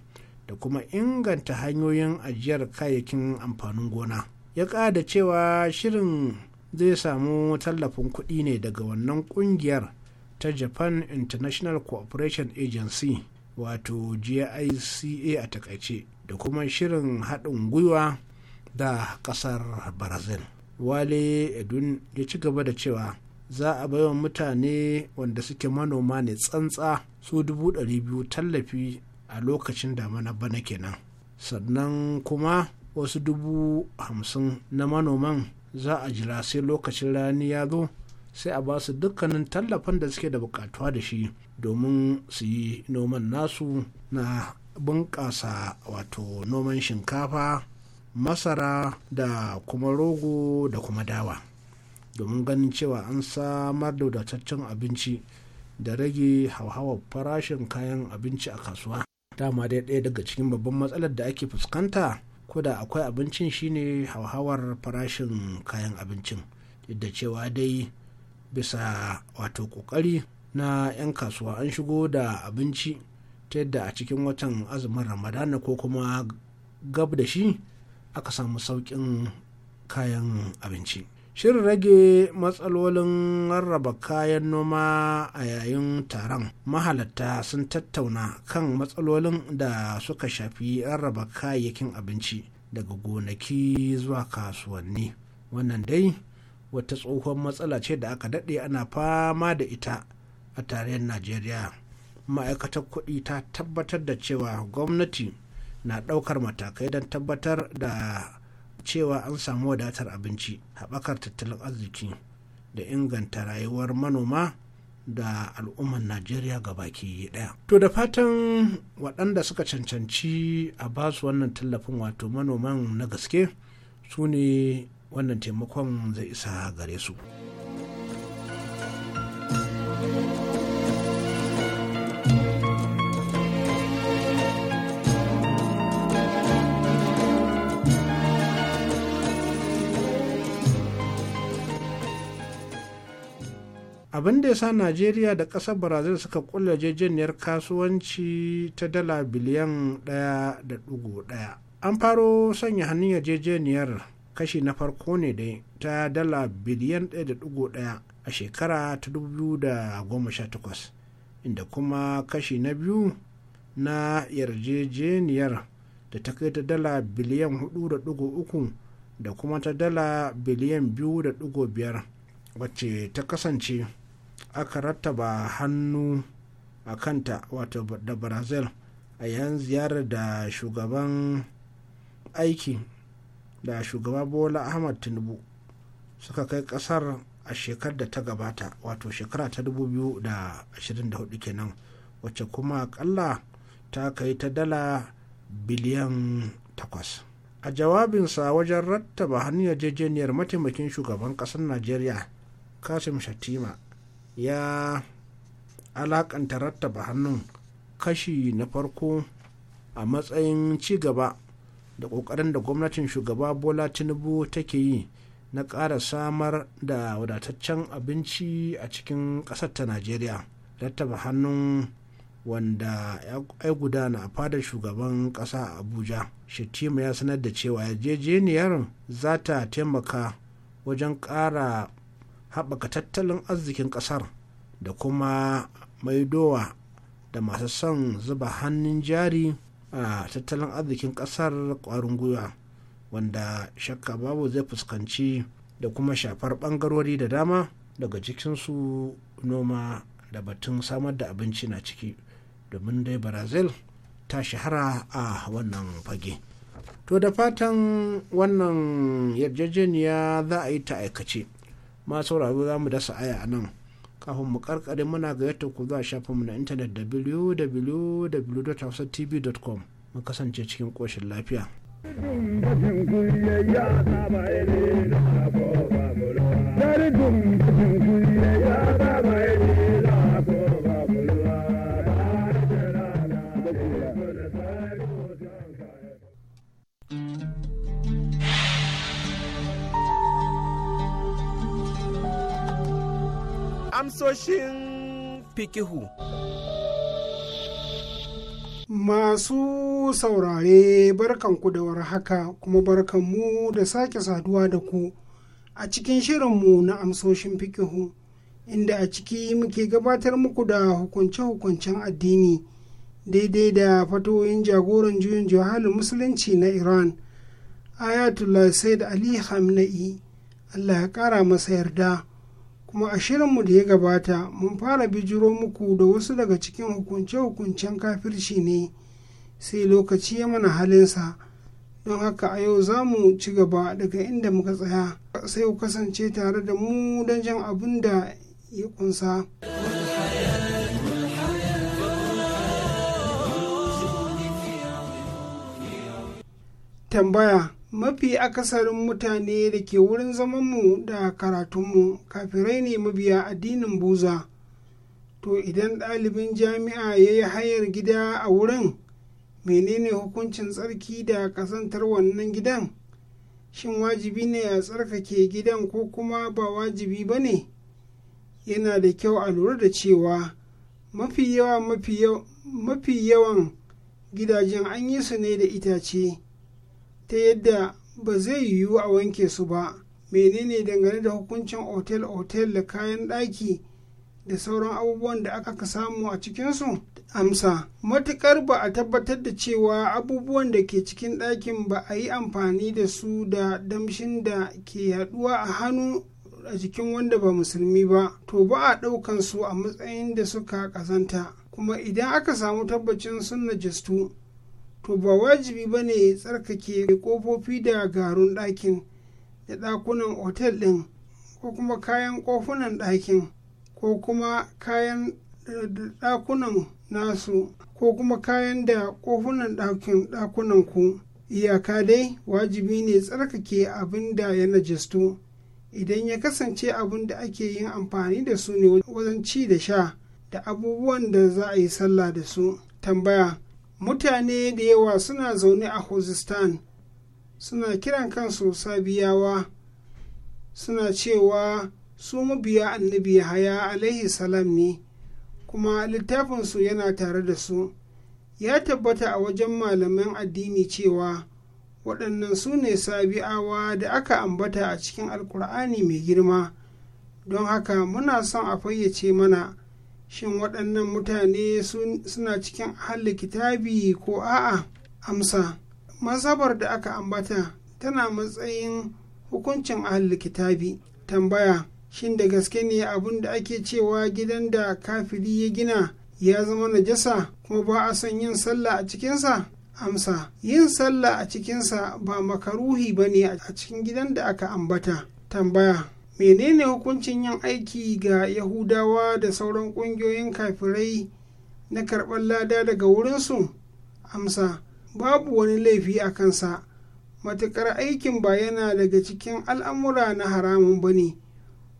da kuma inganta hanyoyin ajiyar kayayyakin amfanin gona ya ƙada cewa shirin zai samu tallafin kuɗi ne daga wannan ƙungiyar ta japan international cooperation agency wato gica a takaice da kuma shirin haɗin gwiwa da ƙasar brazil wale edun ya ci gaba da cewa za a baiwa mutane wanda suke manoma ne tsantsa su dubu biyu tallafi a lokacin damana bana kenan sannan kuma wasu dubu hamsin na manoman za a jira sai lokacin rani ya zo sai a basu dukkanin tallafin da suke da bukatuwa da shi domin su yi noman nasu na bunƙasa wato noman shinkafa masara da kuma rogo da kuma dawa domin ganin cewa an samar da wadataccen abinci da rage hauhawar farashin kayan abinci a kasuwa dama dai ɗaya daga cikin babban matsalar da ake fuskanta ko da akwai abincin shine hauhawar farashin kayan abincin duk da cewa dai bisa wato kokari na 'yan kasuwa an shigo da abinci ta yadda a cikin watan azumin ramadana ko kuma gab da shi aka samu sauƙin kayan abinci shirin rage matsalolin rarraba kayan noma a yayin taron mahalatta sun tattauna kan matsalolin da suka shafi rarraba kayayyakin abinci daga gonaki zuwa kasuwanni wannan dai wata tsohon matsala ce da aka daɗe ana fama da ita a tarayyar najeriya ma'aikatar kuɗi ta tabbatar da cewa gwamnati na ɗaukar matakai don tabbatar da cewa an samu wadatar abinci haɓakar tattalin arziki da inganta rayuwar manoma da al'ummar najeriya ga baki ɗaya to da fatan waɗanda suka cancanci a basu wannan tallafin wato manoman na gaske su ne wannan taimakon zai isa gare su. abin da ya sa najeriya da ƙasar brazil suka ƙulla jejeniyar kasuwanci ta dala biliyan 1.1 an faro sanya hannun yarjejeniyar kashi na farko ne dai ta dala biliyan 1.1 a shekara ta 2018 inda kuma kashi na biyu na yarjejeniyar da ta kai ta dala biliyan 4.3 da kuma ta dala biliyan 2.5 wacce ta kasance aka rattaba hannu a kanta wato da brazil a yan ziyarar da shugaban aiki da shugaba bola ahmad tinubu suka kai kasar a shekar da ta gabata wato shekara ta 2024 kenan wacce kuma akalla ta kai ta dala biliyan 8 a jawabinsa wajen rattaba hannun yarjejeniyar mataimakin shugaban kasar najeriya kasim shatima ya alakanta rattaba hannun kashi na farko a matsayin ci gaba da kokarin da gwamnatin shugaba bola tinubu take yi na ƙara samar da wadataccen abinci a cikin ƙasar ta najeriya rattaba hannun wanda ya gudana a fadar shugaban ƙasa abuja shittima ya sanar da cewa yarjejeniyar za ta taimaka wajen ƙara haɓaka tattalin arzikin ƙasar da kuma maidowa da masu son zuba hannun jari a tattalin arzikin kasar kwarin gwiwa wanda shakka babu zai fuskanci da kuma shafar bangarori da dama daga cikinsu noma da batun samar da abinci na ciki domin dai brazil ta shahara a wannan fage to da fatan wannan yarjejeniya za a yi ta aikace ma sauraro za mu dasa aya a nan kafin mu karkare muna ga yadda ku za shafinmu na intanet www.hausatv.com mu kasance cikin koshin lafiya. Dari dum fikihu. Masu saurare barkanku da warhaka kuma barkanmu da sake saduwa da ku a cikin shirinmu na amsoshin fikihu inda a ciki muke gabatar muku da hukunce-hukuncen addini daidai da fatoyin jagoran juyin juhalin musulunci na Iran Ayatollah Said Ali Hamna'i Allah ya kara masa yarda. kuma a shirinmu da ya gabata mun fara bijiro muku da wasu daga cikin hukunce-hukuncen kafirci ne sai lokaci ya mana halinsa don haka a yau za mu ci gaba daga inda muka tsaya sai ku kasance tare da mu don jan abin da ya kunsa. tambaya mafi akasarin mutane da ke wurin zamanmu da karatunmu kafirai ne mabiya addinin buza to idan ɗalibin jami'a ya yi hayar gida a wurin menene hukuncin tsarki da kasantar wannan gidan shin wajibi ne a tsarkake gidan ko kuma ba wajibi ba ne yana da kyau a lura da cewa mafi yawan gidajen an yi su ne da itace ta yadda ba zai yiwu a wanke su ba menene dangane da hukuncin otel-otel da kayan ɗaki da sauran abubuwan da aka samu a cikinsu amsa Matukar ba a tabbatar da cewa abubuwan da ke cikin ɗakin ba a yi amfani da su da damshin da ke yaduwa a hannu a jikin wanda ba musulmi ba to ba a ɗaukan su a matsayin da suka kazanta. kuma idan aka samu tabbacin sun najistu to ba wajibi ba ne tsarkake kofofi da garun ɗakin da ɗakunan otel ɗin ko kuma kayan kofunan ɗakin ko kuma kayan ɗakunan nasu ko kuma kayan da kofunan ɗakin ɗakunan ku iyaka dai wajibi ne tsarkake abin da ya najistu idan ya kasance abin da ake yin amfani da su ne wajen ci da sha da abubuwan da za a yi sallah da su tambaya mutane da yawa suna zaune a khuzistan suna kiran kansu sabiyawa suna cewa su mabiya annabi haya alaihi salam ne kuma littafinsu yana tare da su ya tabbata a wajen malaman addini cewa waɗannan su ne sabi'awa da aka ambata a cikin alkur'ani mai girma don haka muna son a fayyace mana shin waɗannan mutane suna cikin ahalli kitabi ko a'a amsa Mazabar da aka ambata tana matsayin hukuncin ahalli kitabi tambaya shin da gaske ne abin da ake cewa gidan da kafiri ya gina ya zama najasa kuma ba a son yin sallah a cikinsa amsa yin sallah a cikinsa ba makaruhi ba ne a cikin gidan da aka ambata tambaya menene hukuncin yin aiki ga yahudawa da sauran ƙungiyoyin kafirai na karɓar lada daga wurinsu amsa babu wani laifi a kansa matuƙar aikin ba yana daga cikin al'amura na haramun ba ne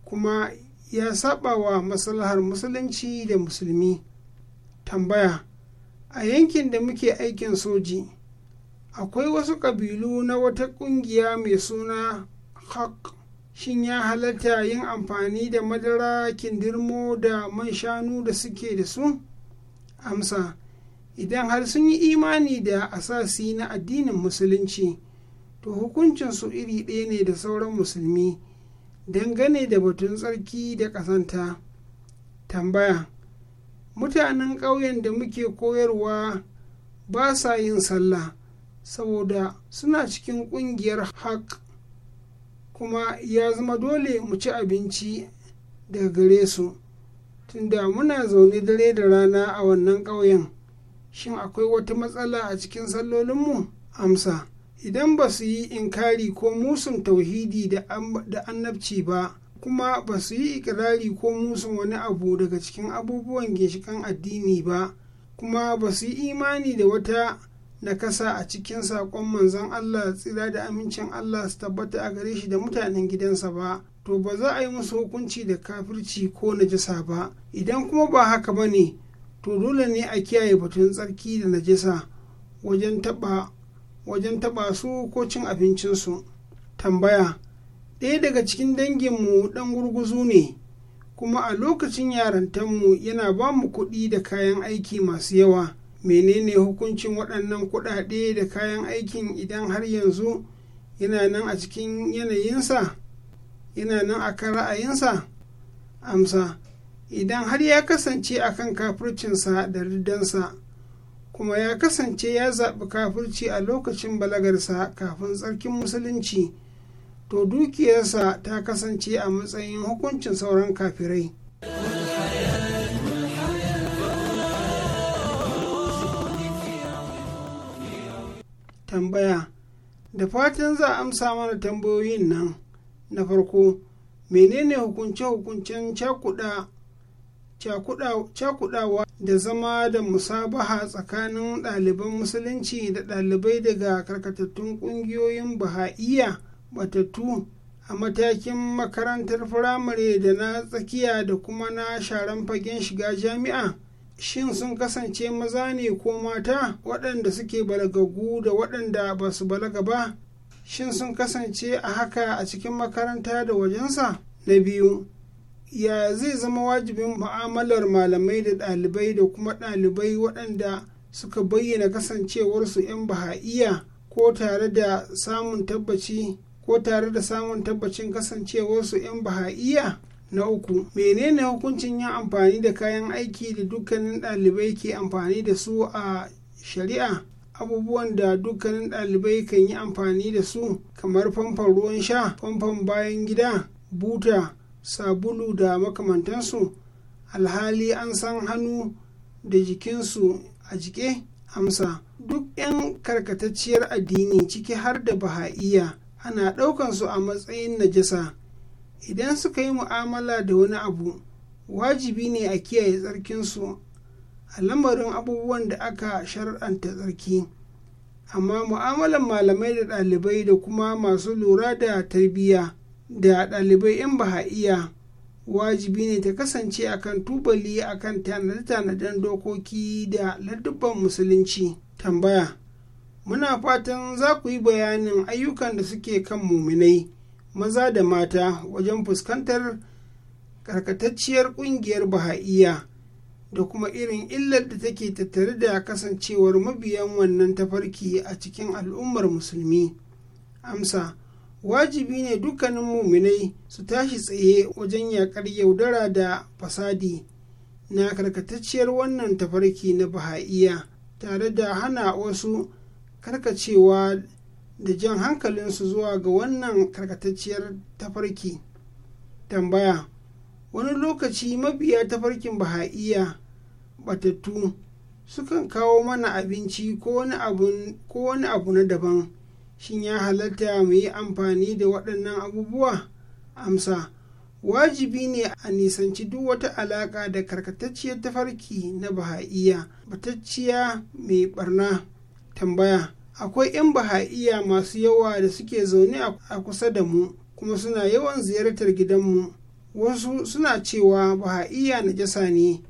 kuma ya saba wa masalahar musulunci da musulmi tambaya a yankin da muke aikin soji akwai wasu ƙabilu na wata ƙungiya mai suna haq shin ya halatta yin amfani da madara kindirmo da man shanu da suke da su amsa idan har sun yi imani da asasi na addinin musulunci to hukuncinsu iri ɗaya ne da sauran musulmi dangane da batun tsarki da ƙazanta tambaya mutanen ƙauyen da muke koyarwa ba sa yin sallah saboda suna cikin ƙungiyar haƙ kuma ya zama dole mu ci abinci daga gare su tunda muna zaune dare da rana a wannan ƙauyen shin akwai wata matsala a cikin sallolinmu amsa idan ba su yi inkari ko musun tauhidi da annabci ba kuma ba su yi ikirari ko musun wani abu daga cikin abubuwan ginshikan addini ba kuma ba su yi imani da wata na kasa a cikin saƙon manzon Allah tsira da amincin Allah su tabbata a gare shi da mutanen gidansa ba to ba za a yi musu hukunci da kafirci ko najasa ba idan kuma ba haka ba ne to dole ne a kiyaye batun tsarki da najasa wajen taɓa wajen taɓa su ko cin abincinsu tambaya ɗaya daga cikin danginmu ɗan gurguzu ne kuma a lokacin yarantanmu yana ba mu kuɗi da kayan aiki masu yawa menene hukuncin waɗannan kuɗaɗe da kayan aikin idan har yanzu yana nan a cikin yanayinsa yana nan a kan ra'ayinsa amsa idan har ya kasance a kan kafircinsa da riddansa kuma ya kasance ya zaɓi kafirci a lokacin balagarsa kafin tsarkin musulunci to dukiyarsa ta kasance a matsayin hukuncin sauran kafirai. tambaya da fatan za a amsa mana tambayoyin nan na farko menene hukunce-hukuncen cakudawa da zama da musabaha tsakanin ɗaliban musulunci da ɗalibai daga karkatattun ƙungiyoyin baha'iya batattu a matakin makarantar firamare da na tsakiya da kuma na sharan fagen shiga jami'a shin sun kasance maza ne ko mata waɗanda suke balagagu da waɗanda ba su balaga ba shin sun kasance a haka a cikin makaranta da wajensa na biyu ya zai zama wajibin mu'amalar malamai da ɗalibai da kuma ɗalibai waɗanda suka bayyana kasancewarsu 'yan baha'iya ko tare da samun tabbaci ko tare da samun tabbacin kasancewarsu 'yan baha'iya na uku menene hukuncin yin amfani da kayan aiki da dukkanin ɗalibai ke amfani da su a shari'a abubuwan da dukkanin ɗalibai kan yi amfani da su kamar famfon ruwan sha famfon bayan gida buta sabulu da makamantansu alhali an san hannu da jikinsu a jike amsa duk 'yan karkatacciyar addini ciki har da baha'iya ana ɗaukansu a matsayin najasa idan suka yi mu'amala da wani abu wajibi ne a kiyaye tsarkinsu a lamarin abubuwan da aka shar'anta tsarki amma mu'amalan malamai da ɗalibai da kuma masu lura da tarbiyya da ɗalibai 'yan baha'iya wajibi ne ta kasance akan tubali akan tanade-tanaden dokoki da ladubban musulunci tambaya muna fatan za ku yi bayanin ayyukan da suke kan muminai maza da mata wajen fuskantar karkatacciyar ƙungiyar baha'iya da kuma irin illar da take tattare da kasancewar mabiyan wannan tafarki a cikin al'ummar musulmi amsa wajibi ne dukkanin muminai su tashi tsaye wajen yakar yaudara da fasadi na karkatacciyar wannan tafarki na baha'iya tare da hana wasu karkacewa da jan hankalinsu zuwa ga wannan karkatacciyar tafarki tambaya wani lokaci mabiya tafarkin baha'iya batattu sukan kawo mana abinci ko wani abu na daban shin ya halatta mu yi amfani da waɗannan abubuwa amsa wajibi ne a nisanci duk wata alaƙa da karkatacciyar tafarki na baha'iya batacciya mai barna tambaya akwai 'yan baha'iya masu yawa da suke zaune a kusa da mu kuma suna yawan ziyartar gidanmu wasu suna cewa baha'iya na najasa ne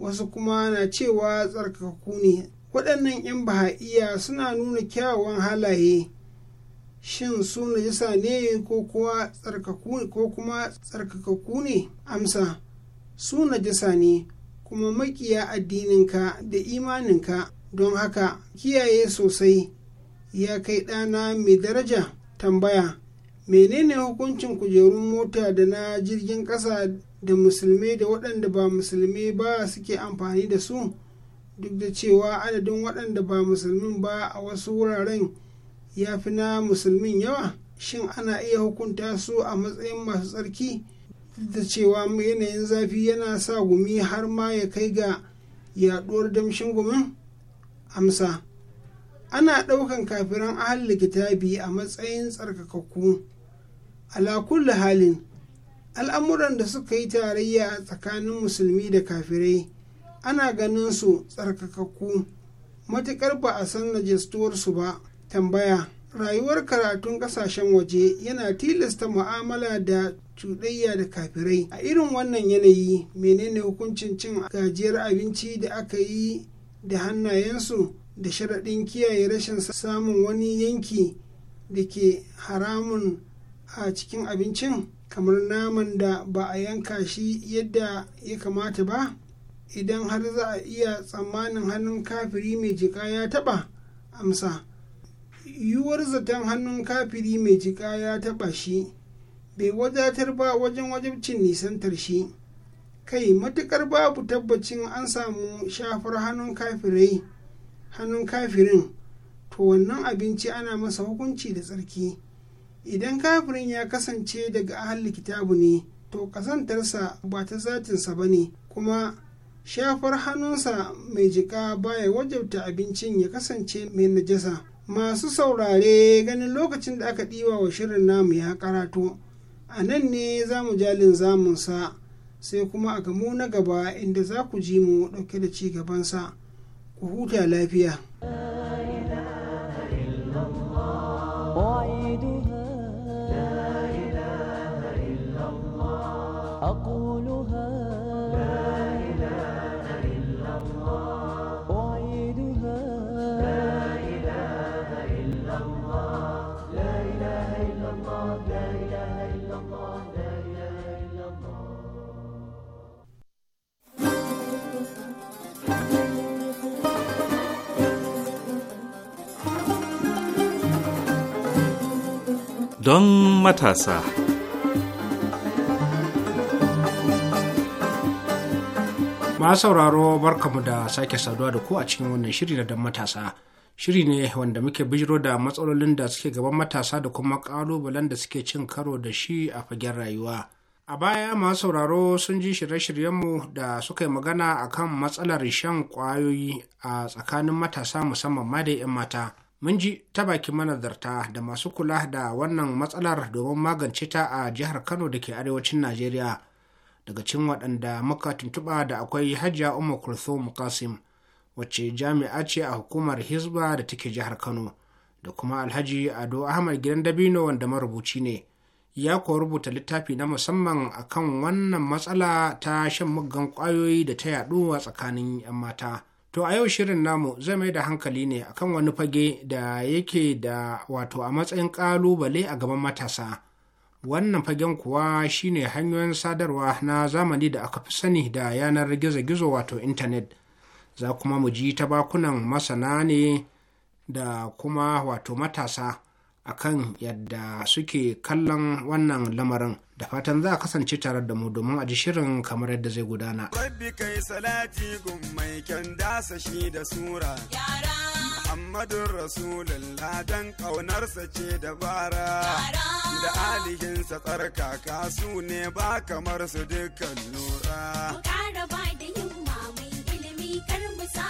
wasu kuma na cewa tsarkakaku ne waɗannan 'yan baha'iya suna nuna kyawawan halaye shin su najasa ne ko kuma tsarkakaku ne amsa su najasa ne kuma makiya addininka da imaninka don haka kiyaye sosai ya kai ɗana mai daraja tambaya menene hukuncin kujerun mota da na jirgin ƙasa da musulmi da waɗanda ba musulmi ba suke amfani da su duk da cewa adadin waɗanda ba musulmin ba a wasu wuraren ya fi na musulmin yawa shin ana iya hukunta su a matsayin masu tsarki Duk da cewa yanayin zafi yana sa gumi har ma ya kai ga yaɗuwar damshin gumin amsa ana ɗaukan kafiran ahalli kitabi a matsayin tsarkakakku ala kulli halin al'amuran da suka yi tarayya tsakanin musulmi da kafirai ana ganin su tsarkakakku matuƙar ba a san najistuwarsu ba tambaya rayuwar karatun ƙasashen waje yana tilasta mu'amala da cuɗayya da kafirai a irin wannan yanayi menene hukuncin cin gajiyar abinci da aka yi da hannayensu da sharaɗin kiyaye rashin samun wani yanki da ke haramun a cikin abincin kamar naman da ba a yanka shi yadda ya kamata ba idan har za a iya tsammanin hannun kafiri mai jika ya taɓa amsa yiwuwar zaton hannun kafiri mai jika ya taɓa shi bai wadatar ba wajen wajibcin nisantar shi kai matukar babu tabbacin an samu shafar hannun kafirai hannun kafirin to wannan abinci ana masa hukunci da tsarki idan kafirin ya kasance daga ahal kitabu ne to kasantarsa ba ta zatinsa ba ne kuma shafar hannunsa mai jika baya wajabta abincin ya kasance mai najasa masu saurare ganin lokacin da aka ɗiwa wa shirin namu ya karatu. a nan ne za mu jalin zamunsa sai kuma a gamo na gaba inda za ku ji mu ɗauke da ci gabansa. ku huta lafiya أقولها don matasa. Masu sauraro barkamu da sake saduwa da ku a cikin wannan shiri na don matasa. Shiri ne wanda muke bijiro da matsalolin da suke gaban matasa da kuma ƙalubalen da suke cin karo da shi a fagen rayuwa. A baya masu sauraro sun ji shirye-shiryenmu da suka yi magana akan matsalar shan ƙwayoyi a tsakanin matasa musamman ma da 'yan mata. mun ji ta baki manazarta da masu kula da wannan matsalar domin magance ta a jihar kano da ke arewacin najeriya daga cikin waɗanda muka tuntuɓa da akwai hajja umar kulthum kasim wacce jami'a ce a hukumar Hisba da take jihar kano da kuma alhaji ado ahmad gidan dabino wanda marubuci ne ya kuwa rubuta littafi na musamman akan wannan matsala ta shan muggan kwayoyi da ta yaɗuwa tsakanin 'yan mata. To a yau shirin namu zai mai da hankali ne akan wani fage da yake da wato a matsayin ƙalubale a gaban matasa. Wannan fagen kuwa shine hanyoyin sadarwa na zamani da aka fi sani da yanar gizo-gizo wato intanet. Za kuma mu ji ta bakunan masana ne da kuma wato matasa akan yadda suke kallon wannan lamarin da fatan za a kasance tare da mu domin a ji shirin kamar yadda zai gudana. Rabbi kai salati gun mai kyan dasa shi da sura. Yara. Muhammadun Rasulullah dan ƙaunarsa ce dabara. Da alihinsa tsarkaka su ne ba kamar su dukkan lura. Ka ƙara ba da yin mamun ilimi kar mu sa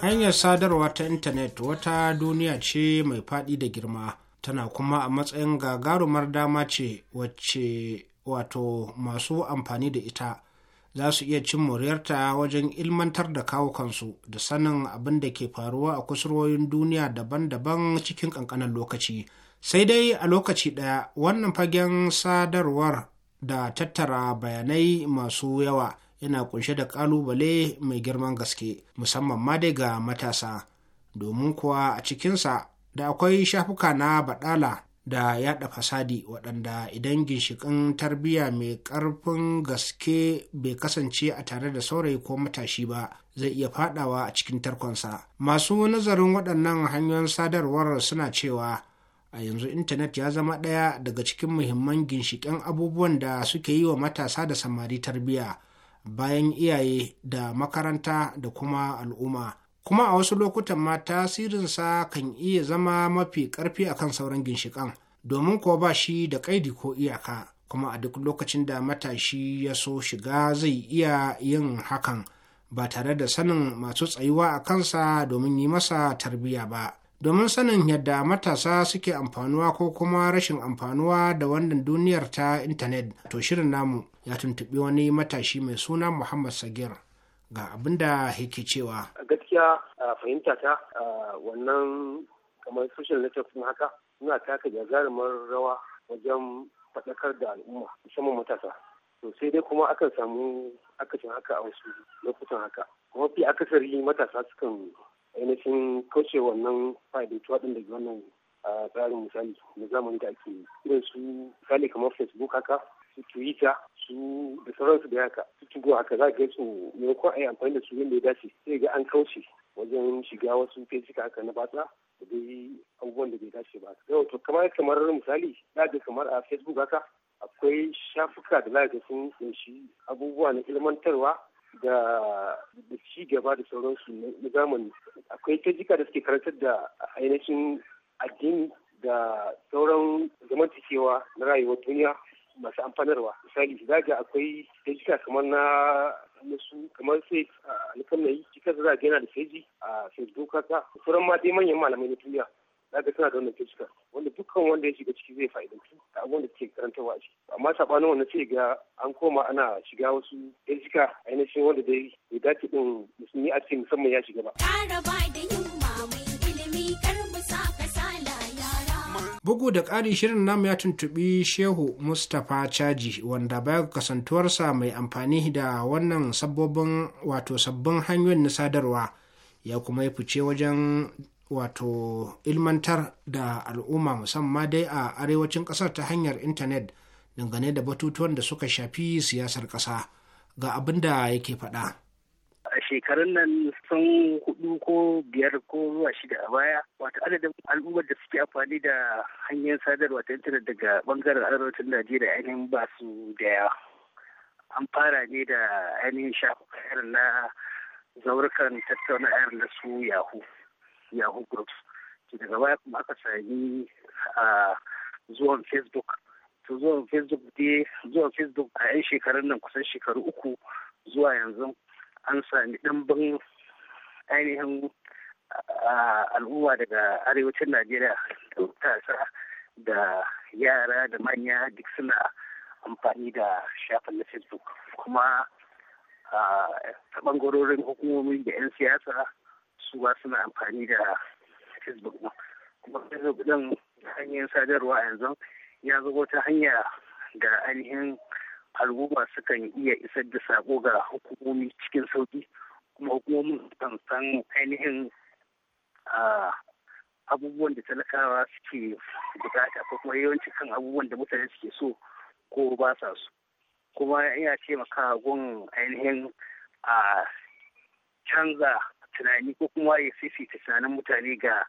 hanyar sadarwa ta intanet wata duniya ce mai faɗi da girma tana kuma a matsayin gagarumar dama ce wacce wato masu amfani da ita za su iya cin muryarta wajen ilmantar da kawukansu da sanin abin da ke faruwa a kusurwoyin duniya daban-daban cikin ƙanƙanan lokaci sai dai a lokaci ɗaya wannan fagen sadarwar da tattara bayanai masu yawa yana kunshe da kalubale mai girman gaske musamman ma dai ga matasa domin kuwa a cikinsa da akwai shafuka na baɗala da yaɗa fasadi waɗanda idan ginshikan tarbiyya mai ƙarfin gaske bai kasance a tare da saurayi ko matashi ba zai iya faɗawa a cikin tarkonsa masu nazarin waɗannan hanyoyin sadarwar suna cewa a yanzu intanet ya zama ɗaya daga cikin muhimman ginshikan abubuwan da suke yi wa matasa da samari tarbiyya bayan iyaye da makaranta da kuma al'umma kuma a wasu lokutan ma tasirinsa kan iya zama mafi ƙarfi akan sauran ginshiƙan domin kuwa ba shi da ƙaidi ko iyaka kuma a duk lokacin da matashi ya so shiga zai iya yin hakan ba tare da sanin masu tsayuwa a kansa domin yi masa tarbiyya ba domin sanin yadda matasa suke amfanuwa ko kuma rashin amfanuwa da wannan duniyar ta intanet to shirin namu ya tuntuɓi wani matashi mai suna muhammad sagir ga abin da yake cewa gaskiya fahimta ta wannan kamar social network sun haka suna taka jagarumar rawa wajen faɗakar da al'umma musamman matasa to sai dai kuma akan samu akacin haka a wasu lokutan haka kuma fi akasari matasa sukan ainihin kauce wannan tuwa ɗin da wannan tsarin misali na zamani da ake irin su misali kamar facebook haka su twitter su da sauransu da haka su tugo haka za ga su maimakon a yi amfani da su yadda ya dace sai ga an kauce wajen shiga wasu fejika haka na batsa da dai abubuwan da bai dace ba yau to kamar kamar misali na da kamar a facebook haka akwai shafuka da za ga sun kunshi abubuwa na ilmantarwa da ci gaba da sauransu na zamani akwai tajika da suke karantar da ainihin addini da sauran zamantakewa na rayuwar duniya masu amfanarwa misali zaga ga akwai dajika kamar na musu kamar sai alkamnai kika za a yana da feji a facebook haka sauran ma dai manyan malamai na duniya za ga suna da wannan dajika wanda dukkan wanda ya shiga ciki zai fa'idantu da abubuwan da ke karantarwa a ciki amma sabanin wannan ce ga an koma ana shiga wasu dajika ainihin wanda dai bai dace din musulmi a cikin musamman ya shiga ba. bugu da ƙari shirin namu ya tuntuɓi shehu mustapha Chaji, wanda baya kasantuwarsa mai amfani da wannan sabbobin wato sabbin hanyoyin na sadarwa ya kuma ya fice wajen wato ilmantar da al'umma musamman dai a arewacin ƙasar ta hanyar intanet dangane da batutuwan da suka shafi siyasar ƙasa ga abin da yake faɗa. shekarun nan sun hudu ko biyar ko zuwa shida a baya Wata adadin al'ummar da suke amfani da hanyar sadarwa ta intanet daga bangaren arewacin najeriya ainihin ba su da yawa an fara ne da ainihin shafukan irin na zaurukan tattauna irin na su yahoo yahoo groups daga baya kuma aka sami a zuwan facebook to zuwan facebook dai zuwan facebook a yan shekarun nan kusan shekaru uku zuwa yanzu an sami ɗimbin ainihin al'umma daga arewacin najeriya da matasa da yara da manya duk suna amfani da shafin na facebook kuma ta ɓangarorin hukumomi da 'yan siyasa su ba suna amfani da facebook kuma facebook ɗin hanyar sadarwa yanzu ya zama ta hanya da ainihin al'umma sukan iya isar da sako ga hukumomi cikin sauki kuma hukumomin kan san ainihin abubuwan da talakawa suke bukata ko kuma yawanci kan abubuwan da mutane suke so ko ba sa so kuma ce taimakawa gun ainihin a canza tunani ko kuma ya sisi tunanin mutane ga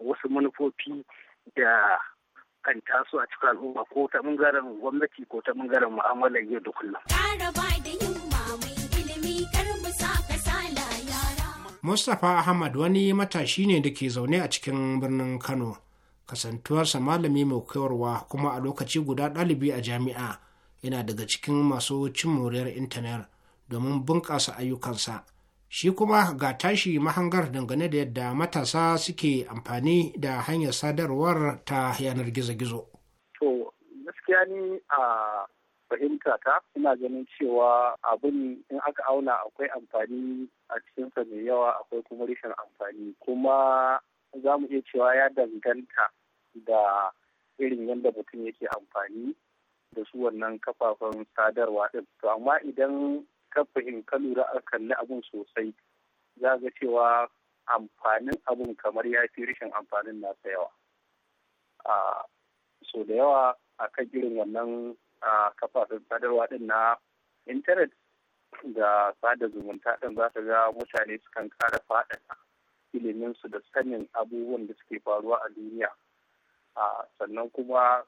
wasu manufofi da kan taso a cikin al'umma ko ta bangaren gwamnati ko ta bangaren mu'amalar yau da kullum. Mustapha Ahmad wani matashi ne da ke zaune a cikin birnin Kano. Kasantuwarsa malami mai koyarwa kuma a lokaci guda ɗalibi a jami'a yana daga cikin masu cin moriyar intanet domin bunƙasa ayyukansa. shi kuma ga tashi mahangar dangane da yadda matasa suke amfani da hanyar sadarwar ta yanar gizo-gizo. To, gaskiya ni a fahimta ta ina ganin cewa abin in aka auna akwai amfani a cikinsa mai yawa akwai kuma rashin amfani kuma za mu iya cewa ya danganta da irin yadda mutum yake amfani da su wannan kafafen sadarwa ɗin. To amma idan ka fahim ka lura a kalli abun sosai za ga cewa amfanin abun kamar ya fi rashin amfanin nasa yawa a so da yawa a kan irin wannan kafafen sadarwa din na intanet da sada zumunta din za ta ga mutane sukan kara faɗaɗa iliminsu da sanin abubuwan da suke faruwa a duniya sannan kuma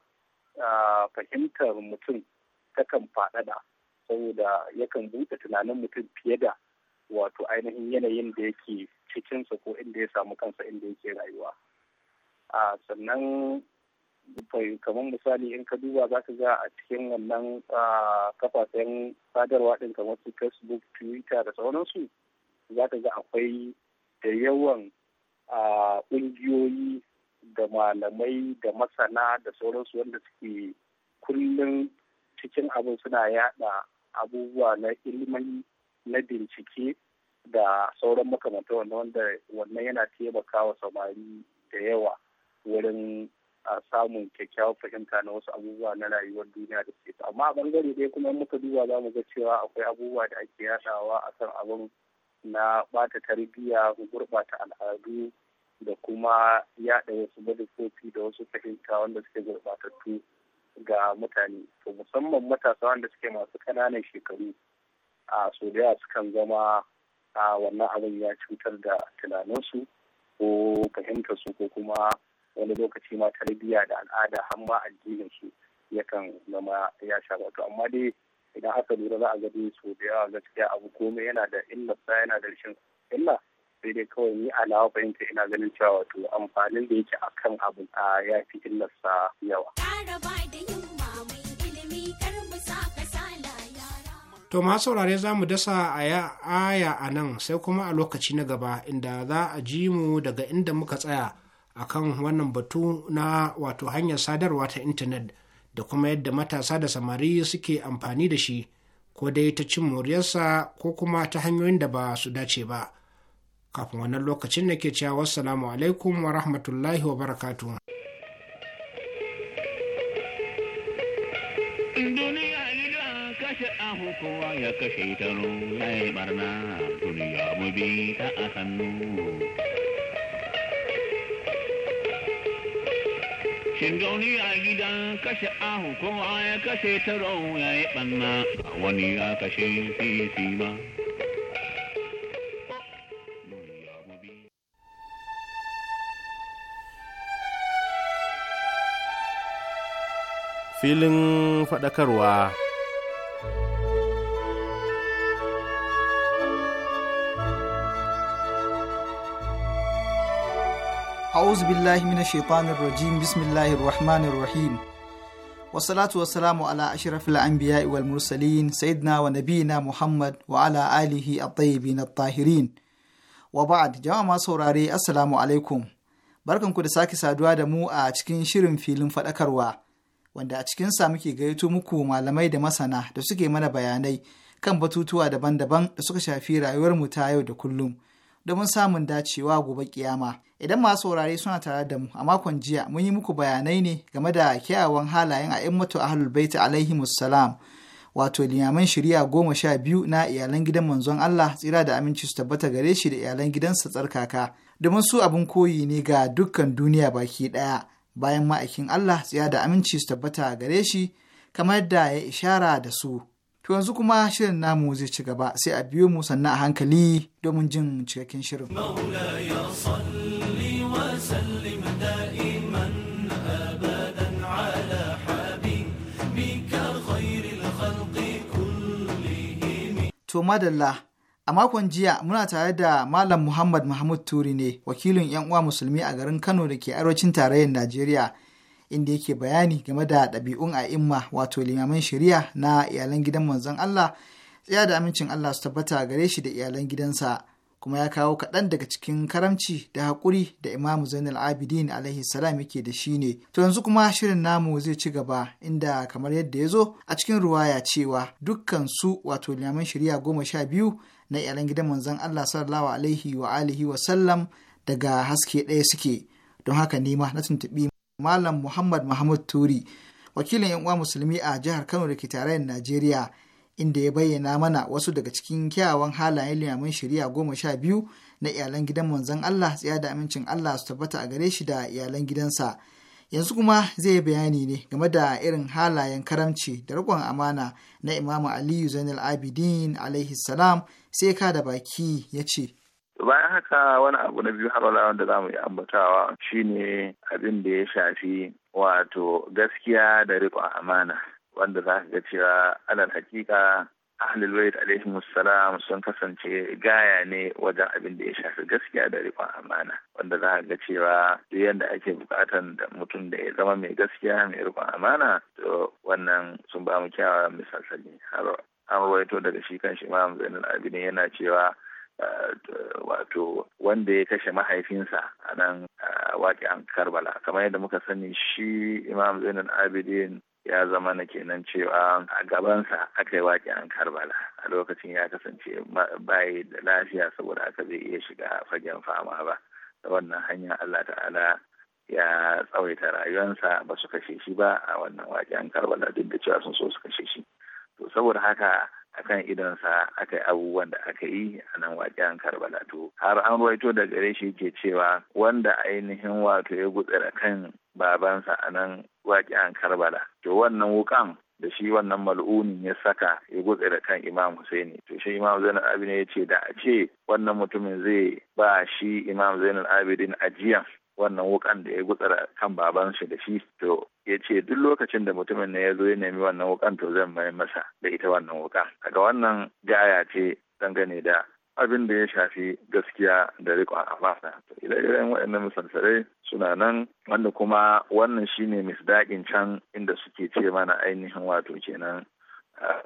fahimtar mutum takan faɗaɗa saboda yakan buɗe tunanin mutum fiye da wato ainihin yanayin da yake cikinsa ko inda ya samu kansa inda yake rayuwa a sannan kamar misali in ka duba za ka ga a cikin wannan kafafen sadarwa ɗin kamar su facebook twitter da sauransu za ka ga akwai da yawan ƙungiyoyi da malamai da masana da sauransu wanda suke kullum cikin abin suna yaɗa. abubuwa na ilimin na bincike da sauran makamantar wanda wanda wannan yana taimakawa samari da yawa wurin samun kyakkyawar fahimta na wasu abubuwa na rayuwar duniya da ke amma a bangare dai kuma muka duba za mu ga cewa akwai abubuwa da ake yadawa a kan abin na bata tarbiyya gurɓata al'adu da kuma yada wasu manufofi da wasu fahimta wanda suke gurɓatattu ga mutane to musamman matasa wanda suke masu ƙananan shekaru a so sukan zama a wannan abin ya cutar da tunaninsu ko fahimtar su, ko kuma wani lokaci ma tarbiyya da al'ada har ma addinin su yakan zama ya sha wato amma dai idan aka lura za a ga dai so da yawa gaskiya abu komai yana da illa yana da rashin illa sai dai kawai ni alawa fahimta ina ganin cewa wato amfanin da yake akan abu ya fi illarsa yawa. To ma saurare za mu dasa aya aya a nan sai kuma a lokaci na gaba inda za a ji mu daga inda muka tsaya akan wannan batu na wato hanyar sadarwa ta intanet da kuma yadda matasa da samari suke amfani da shi ko dai ta cin moriyarsa ko kuma ta hanyoyin da ba su dace ba. kafin wannan lokacin nake cewa wassalamu alaikum wa rahmatullahi wa barakatu duniya gida kashe ahu kowa ya kashe ta ya yi barna duniya shin duniya kashe ahu kowa ya kashe taro ya yi barna wani ya kashe sisi ma filin faɗakarwa. A'udhu billahi minash shaitanir rajim bismillahir rahmanir rahim Wassalatu wassalamu ala ashrafil anbiya'i wal mursalin sayyidina wa nabiyina Muhammad wa ala alihi at-tayyibin at-tahirin wa ba'd jama'a masu saurare assalamu alaikum barkanku da sake saduwa da mu a cikin shirin filin faɗakarwa wanda a cikinsa muke gaito muku malamai da masana da suke mana bayanai kan batutuwa daban-daban da suka shafi rayuwarmu ta yau da kullum domin samun dacewa gobe kiyama idan masu saurare suna tare da mu a makon jiya mun yi muku bayanai ne game da kyawawan halayen a immatu ahlul baiti alaihi musallam wato liyaman shari'a goma sha biyu na iyalan gidan manzon Allah tsira da aminci su tabbata gare shi da iyalan gidansa tsarkaka domin su abin koyi ne ga dukkan duniya baki ɗaya bayan ma'aikin Allah tsaya da aminci su tabbata gare shi kamar yadda ya ishara da su. To yanzu kuma shirin namu zai ci gaba sai a biyo mu sannan a hankali domin jin cikakken shirin. To madalla A makon jiya muna tare da Malam Muhammad Mahmud Turi ne wakilin 'yan uwa musulmi a garin Kano da ke arewacin tarayyar Najeriya inda yake bayani game da ɗabi'un a'imma wato limaman shari'a na iyalan gidan manzon Allah tsaya da amincin Allah su tabbata gare shi da iyalan gidansa kuma ya kawo kaɗan daga cikin karamci da haƙuri da Imam Zainal Abidin alaihi salam yake da shi ne. To yanzu kuma shirin namu zai ci gaba inda kamar yadda ya zo a cikin ruwaya cewa dukkan su wato limamin shari'a goma sha biyu na iyalan gidan manzon Allah sallallahu alaihi wa alihi wa sallam daga haske ɗaya suke don haka nema na tuntuɓi malam Muhammad Muhammad Turi wakilin yan uwa musulmi a jihar Kano da ke tarayyar Najeriya inda ya bayyana mana wasu daga cikin kyawawan halayen limamin shari'a goma sha biyu na iyalan gidan manzon Allah tsaya da amincin Allah su tabbata a gare shi da iyalan gidansa yanzu kuma zai bayani ne game da irin halayen karamci da riƙon amana na imamu aliyu zainal abidin alaihi salam sai ka da baki ya ce bayan haka wani abu na biyu har wanda za mu yi ambatawa shine abin da ya shafi wato gaskiya da riƙon amana wanda za ka ga cewa alal hakika ahlul bayt alaihi salam sun kasance gaya ne wajen abin da ya shafi gaskiya da riƙon amana wanda za ka ga cewa duk yadda ake bukatan da mutum da ya zama mai gaskiya mai riƙon amana to wannan sun ba mu kyawawan misali har an rawaito daga shi kan shi imam zainul abidin yana cewa uh, wato wanda ya kashe mahaifinsa a nan uh, waƙi an karbala kamar yadda muka sani shi imam zainul abidin ya zama na kenan cewa a gabansa aka yi waƙi an karbala a lokacin ya kasance bayi da lafiya saboda aka zai iya shiga fagen fama ba da wannan hanya allah ta'ala ya tsawaita rayuwansa ba su kashe shi ba a wannan waƙi an karbala duk da cewa sun so su kashe shi to saboda haka akan idonsa aka yi abubuwan da aka yi a nan wajen karbala to har an ruwaito da gare shi ke cewa wanda ainihin wato ya gutsira kan babansa a nan wajen karbala to wannan wukan da shi wannan mal'unin ya saka ya gutse da kan imam husaini to shi imam zainal abidin ya ce da a ce wannan mutumin zai ba shi imam zainal abidin ajiyan wannan wukan da ya gutsara kan baban shi da shi to ya ce duk lokacin da mutumin ne ya zo ya nemi wannan wukan to zan mai masa da ita wannan wuka daga wannan gaya ce dangane da abin da ya shafi gaskiya da riko a riƙon amana ire-iren waɗannan misalsarai suna nan wanda kuma wannan shine misdaƙin can inda suke ce mana ainihin wato kenan